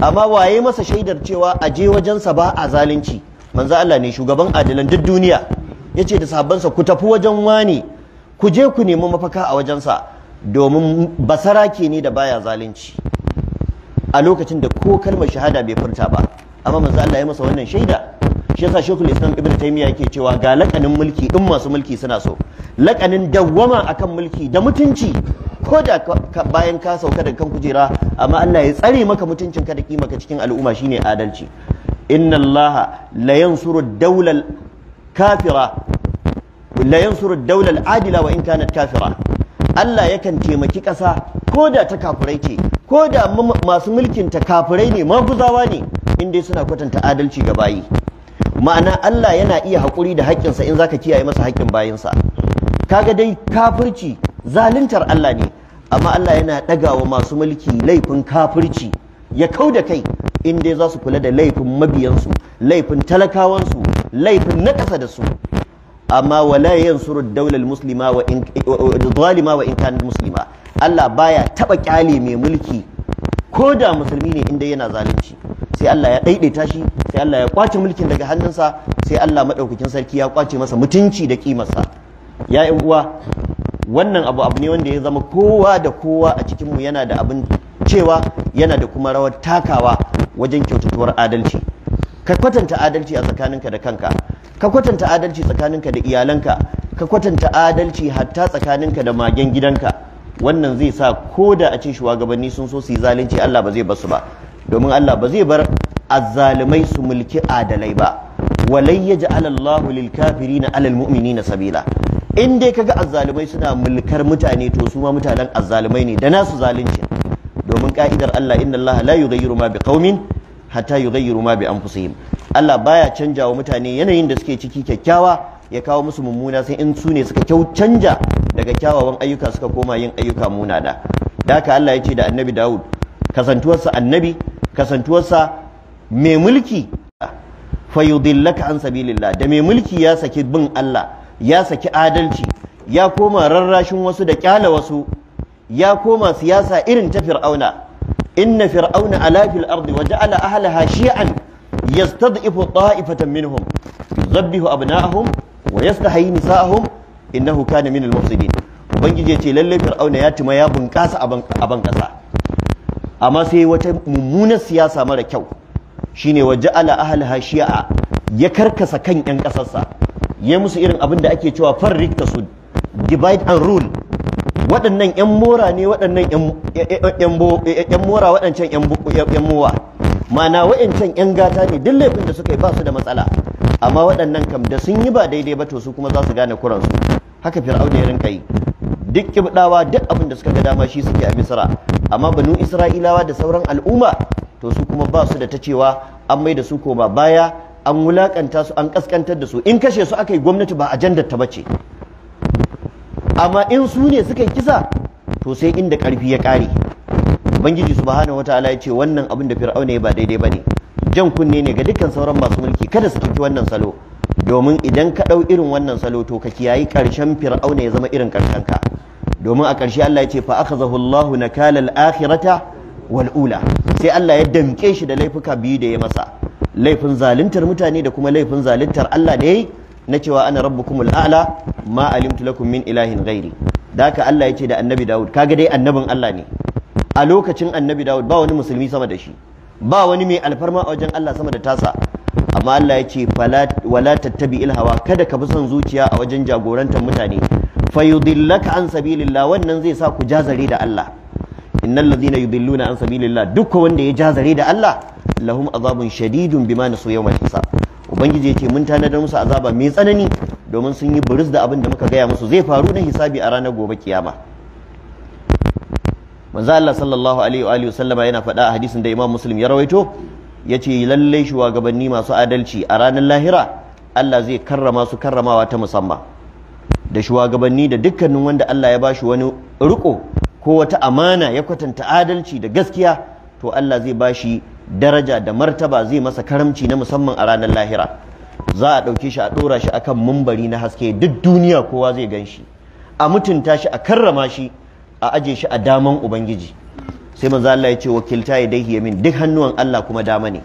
amma waye masa shaidar cewa a je wajensa ba a zalunci manzo Allah ne shugaban adilan duk duniya Ya ce da sahabbansa ku tafi wajen wani ku je ku nemi mafaka a wajensa domin basarake ne da baya zalunci a lokacin da ko kalmar shahada bai furta ba amma manzo Allah ya masa wannan shaida shi yasa Sheikhul Islam Ibn Taymiyyah yake cewa ga lakanin mulki din masu mulki suna so lakanin dawwama akan mulki da mutunci ko da bayan ka sauka daga kan kujera amma Allah ya tsare maka mutuncin ka da kimaka cikin al'umma shine adalci inna Allah la yansuru ad-dawla kafira la yansuru ad adila wa in kanat kafira Allah yakan taimaki ƙasa ko da ta kafurai ce ko da masu mulkin ta kafurai ne maguzawa ne in dai suna kwatanta adalci ga bayi ma'ana Allah yana iya haƙuri da haƙƙinsa in zaka kiyaye masa haƙƙin bayinsa kaga dai kafurci zaluntar Allah ne amma Allah yana ɗaga wa masu mulki laifin kafurci ya kau da kai in dai za su kula da laifin mabiyansu laifin talakawansu laifin na ƙasa da su amma wala yin suru daular musulma wa in zalima wa in kana musulma. Allah baya taba kyale mai mulki ko da musulmi ne inda yana zalunci sai Allah ya daidaita shi sai Allah ya kwace mulkin daga hannunsa sai Allah madaukakin sarki ya kwace masa mutunci da kimarsa ya yi uwa wannan abu abu ne wanda ya zama kowa da kowa a cikinmu yana da abin cewa yana da kuma rawar takawa wajen kyautatuwar adalci ka kwatanta adalci a tsakaninka da kanka ka kwatanta adalci tsakaninka da iyalanka ka kwatanta adalci hatta tsakaninka da magen gidanka wannan zai sa ko da a ce shugabanni sun so su yi zalunci Allah ba zai bar su ba domin Allah ba zai bar azzalimai su mulki adalai ba walai yaj'al Allahu lil kafirina alal mu'minina sabila in dai kaga azzalumai suna mulkar mutane to su ma mutanen azzalumai ne da nasu zalunci domin ka'idar Allah inna Allah la yughayyiru ma biqaumin hatta yughayyiru ma bi anfusihim Allah baya canja wa mutane yanayin da suke ciki kyakkyawa ya kawo musu mummuna sai in su ne suka kyau canja daga kyawawan ayyuka suka koma yin ayyuka muna da daka Allah ya ce da annabi Dawud kasantuwarsa annabi kasantuwarsa mai mulki Fa fayudillaka an sabilillah da mai mulki ya saki bin Allah ya saki adalci ya koma rarrashin wasu da kyala wasu ya koma siyasa irin ta fir'auna inna fir'auna ala fil ardi wa ja'ala ahlaha shi'an yastad'ifu ta'ifatan minhum yuzabbihu abna'ahum wa yastahyi nisa'ahum innahu kana minal mufsidin ubangiji ya ce lallai fir'auna ya tuma ya bunƙasa a ban ƙasa amma sai wata mummunar siyasa mara kyau shine wa ja'ala ahlaha shi'a ya karkasa kan yan ƙasarsa ya musu irin abin da ake cewa farrik tasud divide and rule waɗannan 'yan mora ne waɗannan 'yan mora waɗancan 'yan mowa mana waɗancan 'yan gata ne duk laifin da suka yi ba su da matsala amma waɗannan kam da sun yi ba daidai ba to su kuma za su gane kuransu haka fir'auna ya rinka yi duk kibdawa duk abin da suka ga dama shi suke a misira amma banu isra'ilawa da sauran al'umma to su kuma ba su da ta cewa an mai da su koma baya an wulaƙanta su an ƙasƙantar da su in kashe su aka yi gwamnati ba ajandar ta bace amma in su ne suka yi kisa to sai inda karfi ya kare ubangiji subhanahu wataala ya ce wannan abin da fir'auna ya ba daidai bane jan kunne ne ga dukkan sauran masu mulki kada su ɗauki wannan salo domin idan ka ɗau irin wannan salo to ka kiyayi ƙarshen fir'auna ya zama irin ƙarshen ka domin a ƙarshe Allah ya ce fa akhazahu Allahu na kalal akhirata wal'ula. sai Allah ya damke shi da laifuka biyu da ya masa laifin zaluntar mutane da kuma laifin zaluntar Allah da yayi na cewa ana rabbukumul a'la ma alimtu lakum min ilahin ghairi da Allah ya ce da annabi Dawud kaga dai annabin Allah ne a lokacin annabi Dawud ba wani musulmi sama da shi ba wani mai alfarma a wajen Allah sama da tasa amma Allah ya ce wala tattabi ilhawa kada ka bi son zuciya a wajen jagorantar mutane fayudillaka an sabilillah wannan zai sa ku jazare da Allah innal na yudilluna an sabilillah duk wanda ya jazare da Allah lahum azabun shadidun bima nasu yawmal hisab ubangiji yake mun tanadar musu azaba mai tsanani domin sun yi buris da abin da muka gaya musu zai faru na hisabi a ranar gobe kiyama manzo Allah sallallahu alaihi wa alihi sallama yana faɗa a hadisin da Imam Muslim ya rawaito yace lalle shugabanni masu adalci a ranar lahira Allah zai karrama su karramawa ta musamman da shugabanni da dukkanin wanda Allah ya bashi wani riko ko wata amana ya kwatanta adalci da gaskiya to Allah zai bashi daraja da martaba zai masa karamci na musamman a ranar lahira za a ɗauke shi a ɗora shi akan mumbari na haske duk duniya kowa zai gan shi a mutunta shi a karrama shi a aje shi a daman ubangiji sai manzo Allah ya ce wakilta yadayhi yamin duk hannuwan Allah kuma dama ne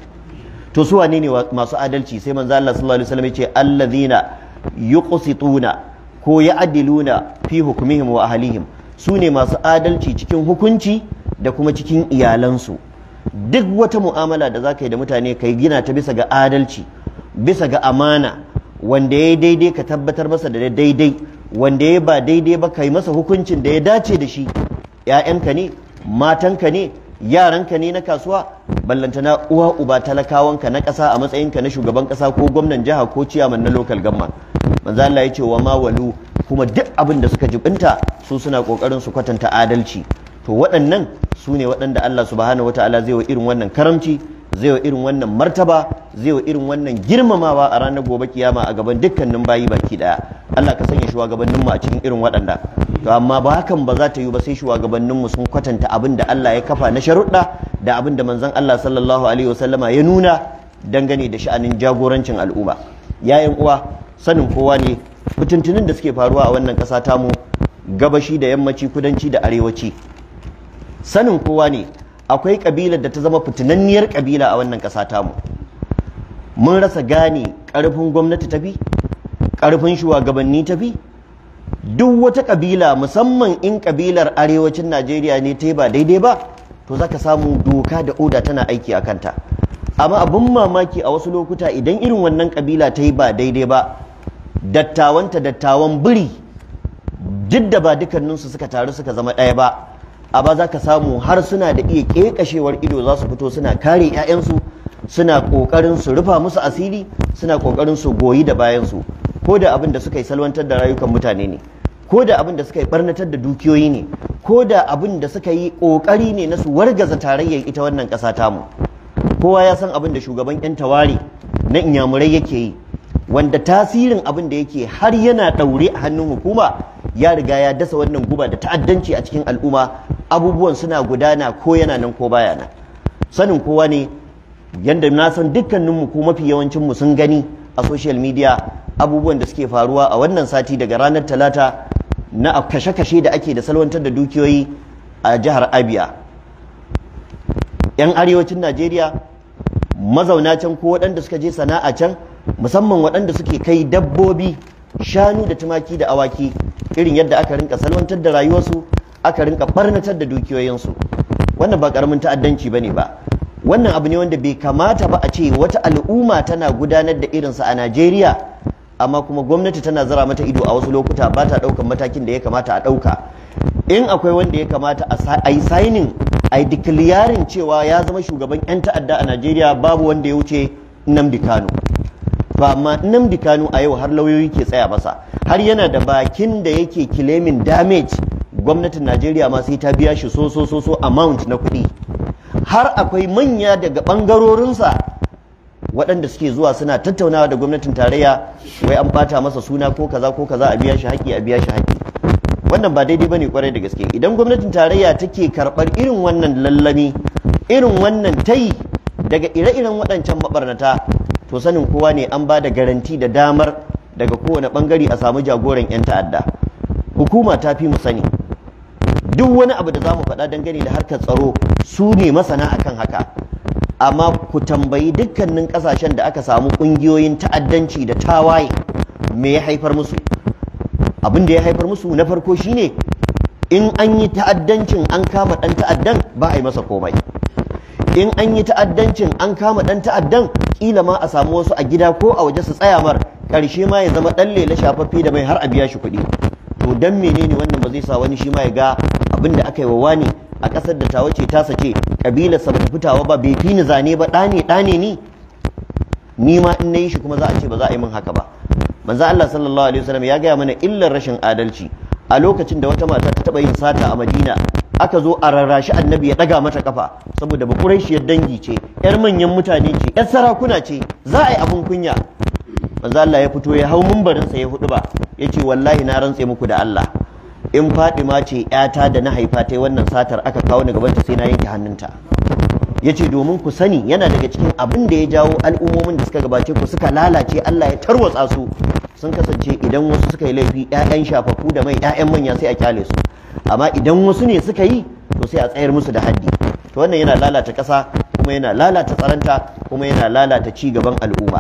to su wane ne masu adalci sai manzo Allah sallallahu alaihi wasallam ya ce allazina yuqsituna ko ya'diluna fi hukmihim wa ahlihim su ne masu adalci cikin hukunci da kuma cikin iyalansu duk wata mu'amala da za ka yi da mutane ka yi gina ta bisa ga adalci bisa ga amana wanda ya yi daidai ka tabbatar masa da daidai wanda ya ba daidai ba ka yi masa hukuncin da ya dace da shi ‘ya'yanka ne matanka ne yaranka ne na kasuwa ballantana uwa uba talakawanka na ƙasa a matsayinka na shugaban ƙasa ko gwamnan jiha ko ciyaman na lokal gamma manzo Allah ya ce wa ma walu kuma duk abin da suka jibinta su suna kokarin su kwatanta adalci to waɗannan su ne waɗanda Allah subhanahu wataala zai wa irin wannan karamci zai wa irin wannan martaba zai wa irin wannan girmamawa a ranar gobe kiyama a gaban dukkanin bayi baki daya Allah ka sanya shugabanninmu a cikin irin waɗanda to amma ba hakan ba za ta yi ba sai shugabanninmu sun kwatanta abin da Allah ya kafa na sharuɗa da abin da manzon Allah sallallahu alaihi wasallama ya nuna dangane da sha'anin jagorancin al'umma yayin uwa sanin kowa ne fitintunin da suke faruwa a wannan ƙasa tamu gabashi da yammaci kudanci da arewaci sanin kowa ne akwai kabilar da ta zama fitinanniyar kabila a wannan ƙasa tamu mun rasa gane ƙarfin gwamnati tafi ƙarfin shugabanni tafi duk wata kabila musamman in kabilar arewacin Najeriya ne ta ba daidai ba to zaka samu doka da oda tana aiki a kanta amma abin mamaki a wasu lokuta idan irin wannan kabila ta yi ba daidai ba dattawanta dattawan biri duk da ba dukkaninsu suka taru suka zama ɗaya ba a ba za ka samu har suna da iya ƙeƙashewar ido za su fito suna kare 'ya'yansu suna ƙoƙarin su rufa musu asiri suna ƙoƙarin su goyi da bayansu ko da abin da suka yi salwantar da rayukan mutane ne ko da abin da suka yi barnatar da dukiyoyi ne ko da abin da suka yi ƙoƙari ne na su wargaza tarayyar ita wannan ƙasa tamu kowa ya san abin da shugaban 'yan tawari na inyamurai yake yi wanda tasirin abin da yake har yana ɗaure a hannun hukuma ya riga ya dasa wannan guba da ta'addanci a cikin al'umma abubuwan suna gudana ko yana nan ko baya nan sanin kowa ne yanda na san dukkaninmu ko mafi yawancin mu sun gani a social media abubuwan da suke faruwa a wannan sati daga ranar talata na kashe-kashe da ake da salwantar da dukiyoyi a jihar abia yan arewacin najeriya mazauna can ko waɗanda suka je sana'a can musamman waɗanda suke kai dabbobi shanu da tumaki da awaki irin yadda aka rinka salwantar da rayuwarsu aka rinka barnatar da dukiyoyinsu wannan ba karamin ta'addanci bane ba wannan abu ne wanda bai kamata ba a ce wata al'umma tana gudanar da irinsa a Najeriya amma kuma gwamnati tana zara mata ido a wasu lokuta ba ta ɗaukar matakin da ya kamata a ɗauka in akwai wanda ya kamata a yi sainin a yi declaring cewa ya zama shugaban 'yan ta'adda a Najeriya babu wanda ya wuce Nnamdi Kano ba amma Nnamdi Kanu a yau har lauyoyi ke tsaya masa har yana da bakin da yake claiming damage gwamnatin Najeriya ma sai ta biya shi so so so so amount na kuɗi har akwai manya daga bangarorinsa waɗanda suke zuwa suna tattaunawa da gwamnatin tarayya wai an bata masa suna ko kaza ko kaza a biya shi haƙƙi a biya shi haƙƙi wannan ba daidai bane kwarai da gaske idan gwamnatin tarayya take karɓar irin wannan lallami irin wannan tayi daga ire-iren waɗancan mabarnata to sanin kowa ne an ba da garanti da damar daga kowane bangare a samu jagoran 'yan ta'adda hukuma ta fi mu sani duk wani abu da za mu faɗa dangane da harkar tsaro su ne masana akan haka amma ku tambayi dukkanin ƙasashen da aka samu ƙungiyoyin ta'addanci da tawaye me ya haifar musu abin da ya haifar musu na farko shine in an yi ta'addancin an kama ɗan ta'addan ba a yi masa komai in an yi ta'addancin an kama ɗan ta'addan ƙila ma a samu wasu a gida ko a waje su tsaya mar karshe ma ya zama ɗan lela shafaffe da mai har a biya shi kuɗi to dan menene wannan ba zai sa wani shi ma ya ga abin da aka yi wa wani a ƙasar da tawa ce ta sace ƙabilarsa ba ta fitawa ba bai fi ni zane ba ɗane ɗane ni ni ma in na yi shi kuma za a ce ba za a yi min haka ba manzo Allah sallallahu alaihi wasallam ya gaya mana illar rashin adalci a lokacin da wata mata ta taba yin sata a Madina aka zo a rarrashi annabi ya daga mata kafa saboda ba ya dangi ce yar manyan mutane ce yar sarakuna ce za a yi abun kunya manzo Allah ya fito ya hau mumbarin sa ya hudu ba yace wallahi na rantse muku da Allah in Fadima ce yata da na haifa ta wannan satar aka kawo ni gaban ta sai na yanke hannunta yace domin ku sani yana daga cikin abin da ya jawo al'ummomin da suka gabace ku suka lalace Allah ya tarwatsa su sun kasance idan wasu suka yi laifi 'ya'yan shafafu da mai 'ya'yan manya sai a kyale su amma idan wasu ne suka yi to sai a tsayar musu da haddi to wannan yana lalata ƙasa kuma yana lalata tsaranta kuma yana lalata ci gaban al'umma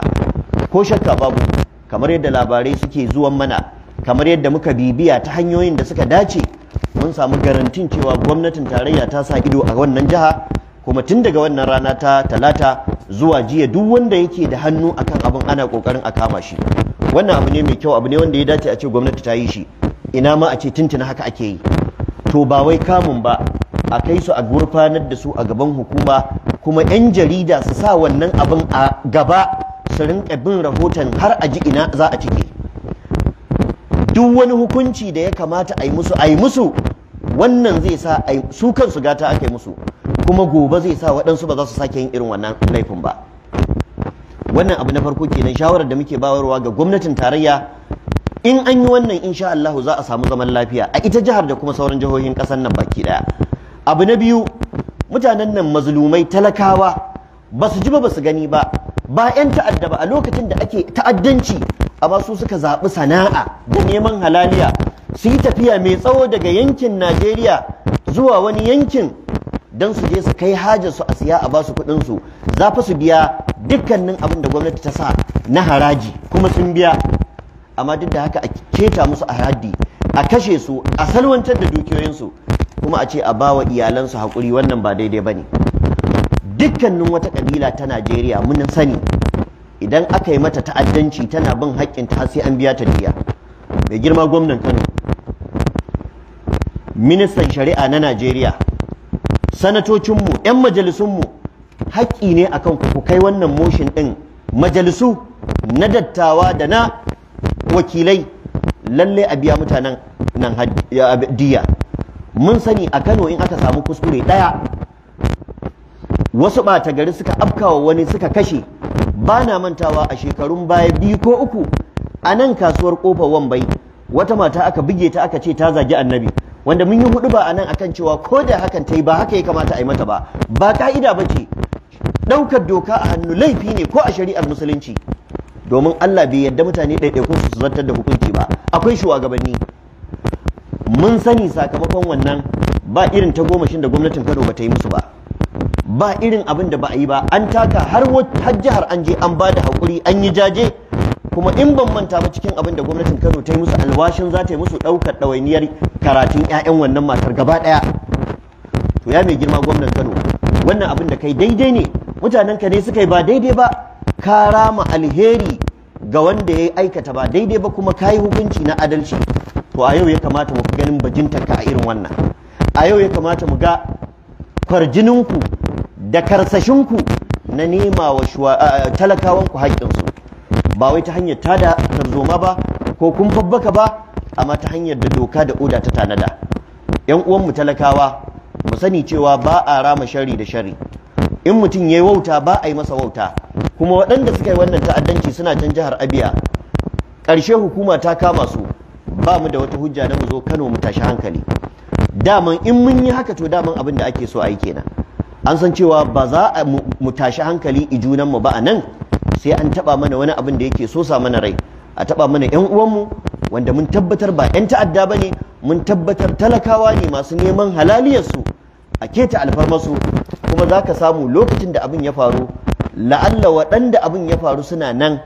ko shakka babu kamar yadda labarai suke zuwan mana kamar yadda muka bibiya ta hanyoyin da suka dace mun samu garantin cewa gwamnatin tarayya ta sa ido a wannan jiha kuma tun daga wannan rana ta talata zuwa jiya duk wanda yake da hannu akan abin ana kokarin a kama shi wannan abu ne mai kyau abu ne wanda ya dace a ce gwamnati ta yi shi ina ma a ce tuntuna haka ake yi to ba wai kamun ba a kai su a gurfanar da su a gaban hukuma kuma 'yan jarida su sa wannan abin a gaba su rinka bin rahoton har a ji ina za a cike duk wani hukunci da ya kamata a yi musu a yi musu wannan zai sa su kansu gata aka yi musu kuma gobe zai sa waɗansu ba za su sake yin irin wannan laifin ba wannan abu na farko kenan shawarar da muke bawarwa ga gwamnatin tarayya in an yi wannan insha Allah za a samu zaman lafiya a ita jihar da kuma sauran jihohin ƙasar nan baki ɗaya abu na biyu mutanen nan mazlumai talakawa ba su ji ba su gani ba ba 'yan ta'adda ba a lokacin da ake ta'addanci amma su suka zaɓi sana'a da neman halaliya su yi tafiya mai tsawo daga yankin Najeriya zuwa wani yankin don su je su kai hajarsu a siya a ba su kuɗinsu za fa su biya dukkanin abin da gwamnati ta sa na haraji kuma sun biya amma duk da haka a keta musu a haddi a kashe su a salwantar da dukiyoyinsu kuma a ce a bawa iyalansu haƙuri wannan ba daidai ba ne dukkanin wata ƙabila ta najeriya mun sani idan aka yi mata ta'addanci tana bin haƙƙin ta sai an biya ta diya mai girma gwamnan kano ministan shari'a na najeriya sanatocinmu 'yan majalisunmu haƙƙi ne akan ku kai wannan moshin ɗin majalisu na dattawa da na wakilai lalle a biya mutanen nan diya mun sani a Kano in aka samu kuskure ɗaya. wasu ɓata gari suka afkawa wani suka kashe ba na mantawa a shekarun baya biyu ko uku a nan kasuwar kofar wambai wata mata aka bige ta aka ce ta zagi annabi wanda mun yi hudu ba a nan akan cewa ko da hakan ta yi ba haka ya kamata a yi mata ba ba ka'ida ba ce ɗaukar doka a hannu laifi ne ko a shari'ar musulunci domin Allah bai yarda mutane ɗaiɗaikun su zartar da hukunci ba akwai shugabanni mun sani sakamakon wannan ba irin ta shi da gwamnatin Kano ba ta yi musu ba ba irin abin da ba a yi ba an taka har har jihar an je an ba da haƙuri an yi jaje kuma in ban manta ba cikin abin da gwamnatin Kano ta yi musu alwashin za ta yi musu ɗaukar ɗawainiyar karatun 'ya'yan wannan matar gaba ɗaya to ya mai girma gwamnan Kano wannan abin da kai daidai ne mutanen ka ne suka yi ba daidai ba ka rama alheri ga wanda ya aikata ba daidai ba kuma ka hukunci na adalci to a yau ya kamata mu ganin bajintarka a irin wannan a yau ya kamata mu ga kwarjininku da karsashinku na nema wa talakawanku haƙƙinsu ba wai ta hanyar tada tarzoma ba ko kun fabbaka ba amma ta hanyar da doka da oda ta tanada yan uwanmu talakawa mu sani cewa ba a rama shari da shari in mutum ya yi wauta ba a yi masa wauta kuma waɗanda suka yi wannan ta'addanci suna can jihar abiya ƙarshe hukuma ta kama su ba mu da wata hujja na mu zo kano mu tashi hankali daman in mun yi haka to daman abin da ake so a yi kenan an san cewa ba za a mu tashi hankali ijunan mu ba a nan sai an taɓa mana wani abin da yake sosa mana rai a taɓa mana yan uwanmu wanda mun tabbatar ba yan ta'adda ba ne mun tabbatar talakawa ne masu neman halaliyarsu a keta masu. kuma za ka samu lokacin da abin ya faru la'alla waɗanda abin ya faru suna nan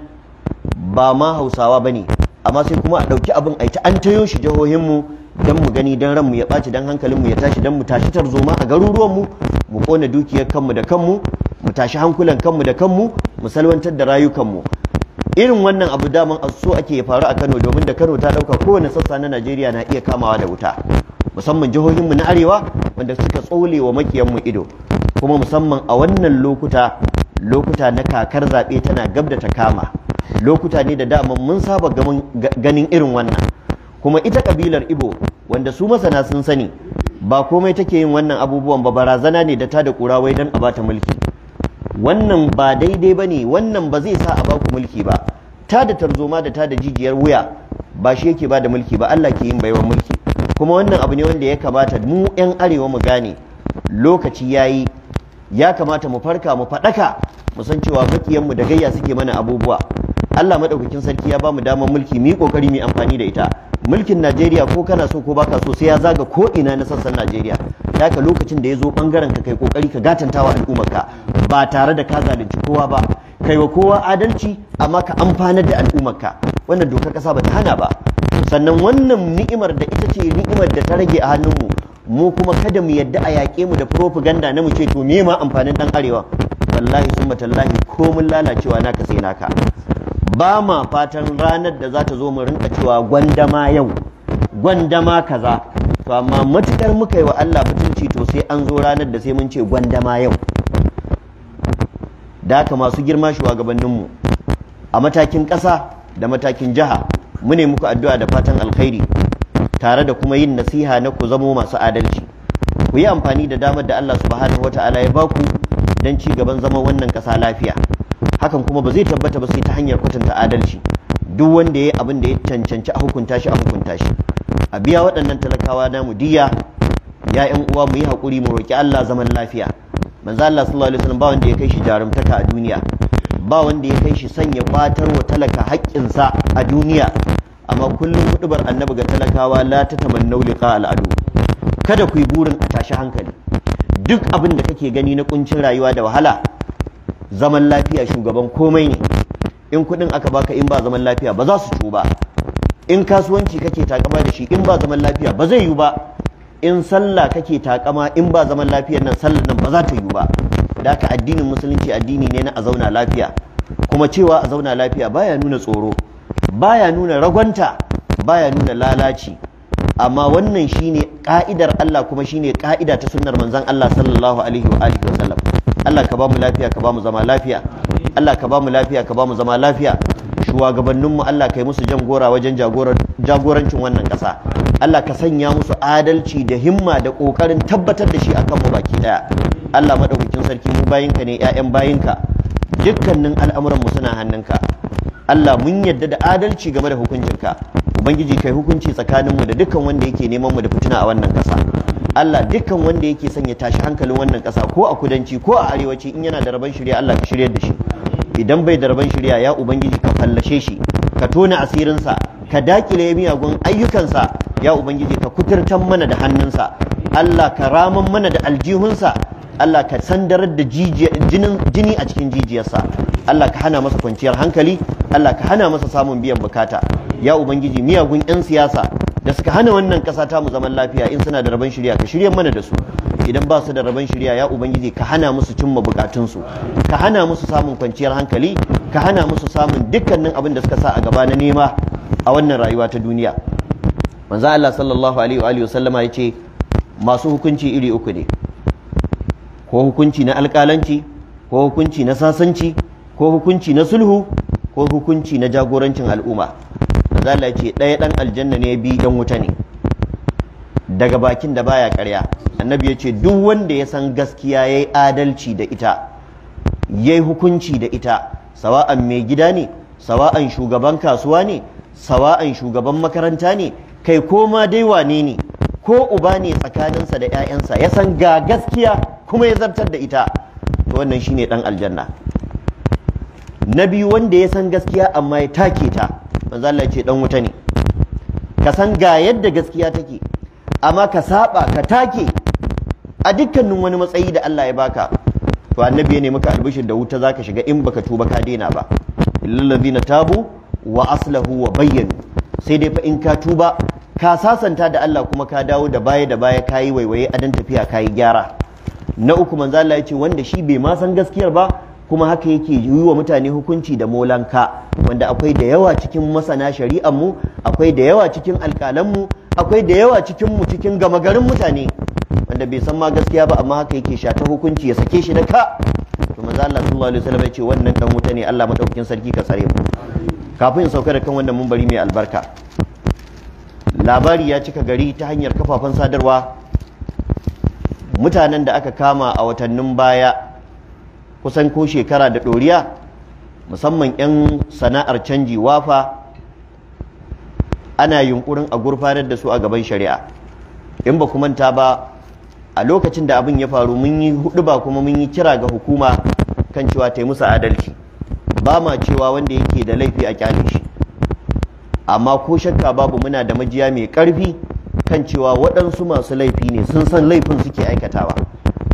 ba ma hausawa ba ne amma sai kuma a ɗauki abin a an tayo shi jihohinmu don mu gani don ranmu ya ɓaci don hankalinmu ya tashi don mu tashi tarzoma a garuruwanmu mu ƙona dukiyar kanmu da kanmu mu tashi hankulan kanmu da kanmu mu salwantar da rayukanmu irin wannan abu daman so ake faru a Kano domin da Kano ta ɗauka kowane sassa na Najeriya na iya kamawa da wuta musamman jihohinmu na arewa wanda suka tsole wa makiyanmu ido kuma musamman a wannan lokuta lokuta na kakar zaɓe tana gab da ta kama lokuta ne da dama mun saba ganin irin wannan kuma ita kabilar ibo wanda su masana sun sani ba komai take yin wannan abubuwan ba barazana ne da ta da kurawai don a bata mulki wannan ba daidai ba ne wannan ba zai sa a baku mulki ba ta da tarzoma da ta da jijiyar wuya ba shi yake ba da mulki ba Allah ke yin baiwa mulki kuma wannan abu ne wanda ya kamata mu 'yan arewa mu gane lokaci ya yi ya kamata mu farka mu faɗaka mu san cewa makiyanmu da gayya suke mana abubuwa Allah madaukakin sarki ya bamu damar mulki mu yi kokari mu amfani da ita mulkin Najeriya ko kana so ko baka so sai ya zaga ko ina na sassan Najeriya haka lokacin da ya zo bangaren ka kai kokari ka gatantawa al'ummarka ba tare da ka zalunci kowa ba kai wa kowa adalci amma ka amfanar da al'ummarka wannan dokar kasa ba ta hana ba sannan wannan ni'imar da ita ce ni'imar da ta rage a hannunmu mu kuma kada mu yadda a yaƙe mu da propaganda na mu ce to me ma amfanin dan arewa wallahi matallahi ko mun lalacewa naka sai naka ba ma fatan ranar da za ta zo mu rinka cewa gwandama yau gwandama kaza to amma matukar muka yi wa Allah mutunci to sai an zo ranar da sai mun ce gwandama yau da haka masu girma shugabanninmu a matakin ƙasa da matakin jiha mu ne muku addu'a da fatan alkhairi tare da kuma yin nasiha na ku zamo masu adalci ku yi amfani da damar da Allah subhanahu wata'ala ya baku don ci gaban zama wannan ƙasa lafiya hakan kuma ba zai tabbata ba sai ta hanyar kwatanta adalci duk wanda ya yi abin da ya cancanci a hukunta shi a hukunta shi a biya waɗannan talakawa na mu diya ya ƴan uwa mu yi haƙuri mu roƙi Allah zaman lafiya manzo Allah sallallahu alaihi wasallam ba wanda ya kai shi jarumtaka a duniya ba wanda ya kai shi sanya kwatar wa talaka haƙƙinsa a duniya amma kullum hudubar annabi ga talakawa la ta tamannau liqa al'adu kada ku yi burin a tashi hankali duk abin da kake gani na kuncin rayuwa da wahala zaman lafiya shugaban komai ne in kudin aka baka in ba zaman lafiya ba za su ciwo ba in kasuwanci kake takama da shi in ba zaman lafiya ba zai yiwu ba in sallah kake takama in ba zaman lafiyar nan sallar nan ba za ta yiwu ba da haka addinin musulunci addini ne na a zauna lafiya kuma cewa a zauna lafiya baya nuna tsoro baya nuna ragwanta baya nuna lalaci amma wannan shine ka'idar Allah kuma shine ka'ida ta sunnar manzon Allah sallallahu alaihi wa alihi wasallam Allah ka ba mu lafiya ka ba mu zama lafiya Allah ka ba mu lafiya ka ba mu zama lafiya shugabanninmu Allah ka yi musu jan gora wajen jagorancin wannan ƙasa Allah ka sanya musu adalci da himma da kokarin tabbatar da shi akan kanmu baki ɗaya Allah madaukakin sarki mu bayinka ne 'ya'yan bayinka dukkanin mu suna hannunka Allah mun yadda da adalci game da hukuncinka ubangiji kai hukunci tsakaninmu da dukkan wanda yake neman mu da fitina a wannan ƙasa Allah dukkan wanda yake son ya tashi hankalin wannan kasa ko a kudanci ko a arewaci in yana da rabon shirya Allah ka shiryar da shi idan bai da rabon shirya ya ubangiji ka fallashe shi ka tona asirinsa ka dakile miyagun ayyukansa ya ubangiji ka kuturtan mana da hannunsa Allah ka raman mana da aljihunsa Allah ka sandarar da jini a cikin jijiyarsa Allah ka hana masa kwanciyar hankali Allah ka hana masa samun biyan bukata ya ubangiji miyagun yan siyasa da suka hana wannan kasa ta mu zaman lafiya in suna da rabon shirya ka shirya mana da su idan ba su da rabon shirya ya ubangiji ka hana musu cimma su ka hana musu samun kwanciyar hankali ka hana musu samun dukkanin abin da suka sa a gaba na nema a wannan rayuwa ta duniya manzo Allah sallallahu alaihi wa wasallama yace masu hukunci iri uku ne ko hukunci na alƙalanci ko hukunci na sasanci ko hukunci na sulhu ko hukunci na jagorancin al'umma zala ce ɗaya ɗan aljanna ne bi ɗan wuta ne daga bakin da baya karya annabi ya ce duk wanda ya san gaskiya ya yi adalci da ita ya yi hukunci da ita sawa'an mai gida ne sawa'an shugaban kasuwa ne sawa'an shugaban makaranta ne kai ko ma dai wane ne ko uba ne tsakaninsa da 'ya'yansa ya san ga gaskiya kuma ya zartar da ita to wannan shine ɗan aljanna na biyu wanda ya san gaskiya amma ya take ta manzo Allah ce dan wuta ne ka san ga yadda gaskiya take amma ka saba ka take a dukkanin wani matsayi da Allah ya baka to annabi ne maka albishin da wuta zaka shiga in baka tuba ka daina ba illal ladina tabu wa aslahu wa bayyanu sai dai fa in ka tuba ka sasanta da Allah kuma ka dawo da baya da baya kayi waiwaye adan tafiya kayi gyara na uku manzo Allah ya ce wanda shi bai ma san gaskiyar ba kuma haka yake yi wa mutane hukunci da molanka wanda akwai da yawa cikin masana shari'ar akwai da yawa cikin alƙalanmu, akwai da yawa cikin cikin gama garin mutane wanda bai san ma gaskiya ba amma haka yake shata hukunci ya sake shi da ka to manzo Allah sallallahu alaihi wasallam ya ce wannan dan wuta ne Allah madaukakin sarki ka tsare mu kafin in sauka da kan wannan bari mai albarka labari ya cika gari ta hanyar kafafen sadarwa mutanen da aka kama a watannin baya kusan ko shekara da ɗoriya musamman 'yan sana'ar canji wafa ana yunkurin a gurfanar da su a gaban shari'a in ba manta ba a lokacin da abin ya faru mun yi hudu ba kuma mun yi kira ga hukuma kan cewa ta yi musu adalci ba ma cewa wanda yake da laifi a kyale shi amma ko shakka babu muna da majiya mai karfi kan cewa waɗansu masu laifi ne sun san laifin suke aikatawa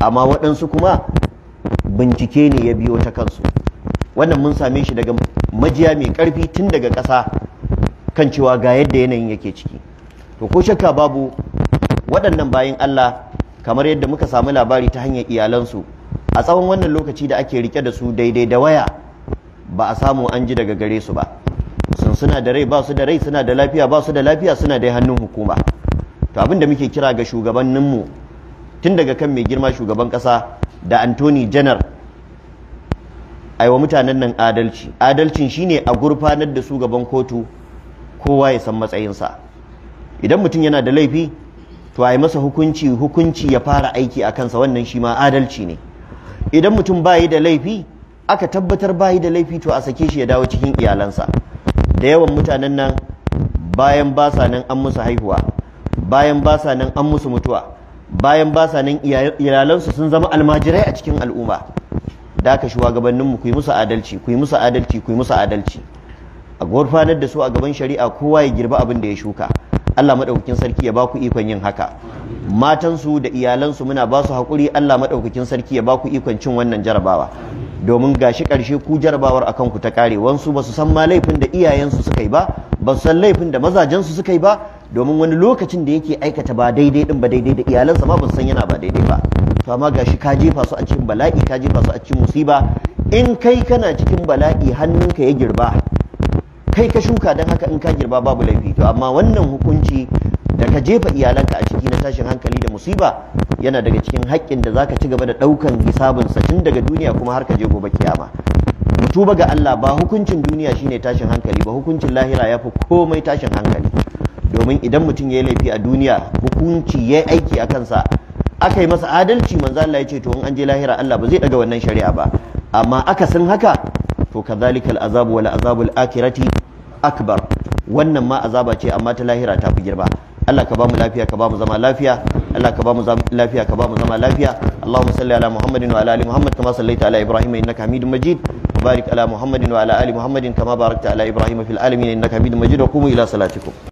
amma waɗansu kuma bincike ne ya biyo ta kansu wannan mun same shi daga majiya mai karfi tun daga ƙasa kan cewa ga yadda yanayin yake ciki to ko shakka babu waɗannan bayan Allah kamar yadda muka samu labari ta hanyar iyalansu a tsawon wannan lokaci da ake rike da su daidai da waya ba a samu an ji daga gare su ba sun suna da rai ba su da rai suna da lafiya ba su da lafiya suna da hannun hukuma to abin da muke kira ga shugabanninmu tun daga kan mai girma shugaban ƙasa da antony janar aiwa mutanen nan adalci adalcin shine a gurfanar da su gaban kotu kowa ya san matsayinsa idan mutum yana da laifi to a masa hukunci hukunci ya fara aiki a kansa wannan shi ma adalci ne idan mutum bayi da laifi aka tabbatar bayi da laifi to a sake shi ya dawo cikin iyalansa da yawan mutanen nan bayan ba sa nan an musu haihuwa bayan ba sa nan an musu mutuwa bayan ba sa nan iyalansu sun zama almajirai a cikin al'umma da ka shugabanninmu ku yi musu adalci ku yi musu adalci ku yi musu adalci a gurfanar da su a gaban shari'a kowa ya girba abin da ya shuka Allah madaukakin sarki ya baku ikon yin haka matansu da iyalansu muna ba su haƙuri Allah madaukakin sarki ya baku ikon cin wannan jarabawa domin gashi ƙarshe ku jarabawar akan ku ta kare wansu ba su san ma laifin da iyayensu suka yi ba ba su san laifin da mazajensu suka yi ba domin wani lokacin da yake aikata ba daidai din ba daidai da iyalansa ma ban san yana ba daidai ba to amma gashi ka jefa su a cikin bala'i ka jefa su a cikin musiba in kai kana cikin bala'i hannunka ya girba kai ka shuka don haka in ka girba babu laifi to amma wannan hukunci da ka jefa iyalanka a ciki na tashin hankali da musiba yana daga cikin haƙƙin da zaka ci gaba da ɗaukan hisabinsa tun daga duniya kuma har ka je gobe kiyama mutuba ga Allah ba hukuncin duniya shine tashin hankali ba hukuncin lahira ya fi komai tashin hankali domin idan mutum ya yi laifi a duniya hukunci ya yi aiki a kansa aka yi masa adalci manzo Allah ya ce to in an je lahira Allah ba zai daga wannan shari'a ba amma aka san haka to kadhalikal azabu wal azabul akhirati akbar wannan ma azaba ce amma ta lahira ta fi girma Allah ka ba mu lafiya ka ba mu zama lafiya Allah ka ba mu lafiya ka ba mu zama lafiya Allahumma salli ala Muhammadin wa ala ali Muhammad kama sallaita ala Ibrahim innaka Hamidum Majid barik ala Muhammadin wa ala ali Muhammadin kama barakta ala Ibrahim fil alamin innaka Hamidum Majid wa qumu ila salatikum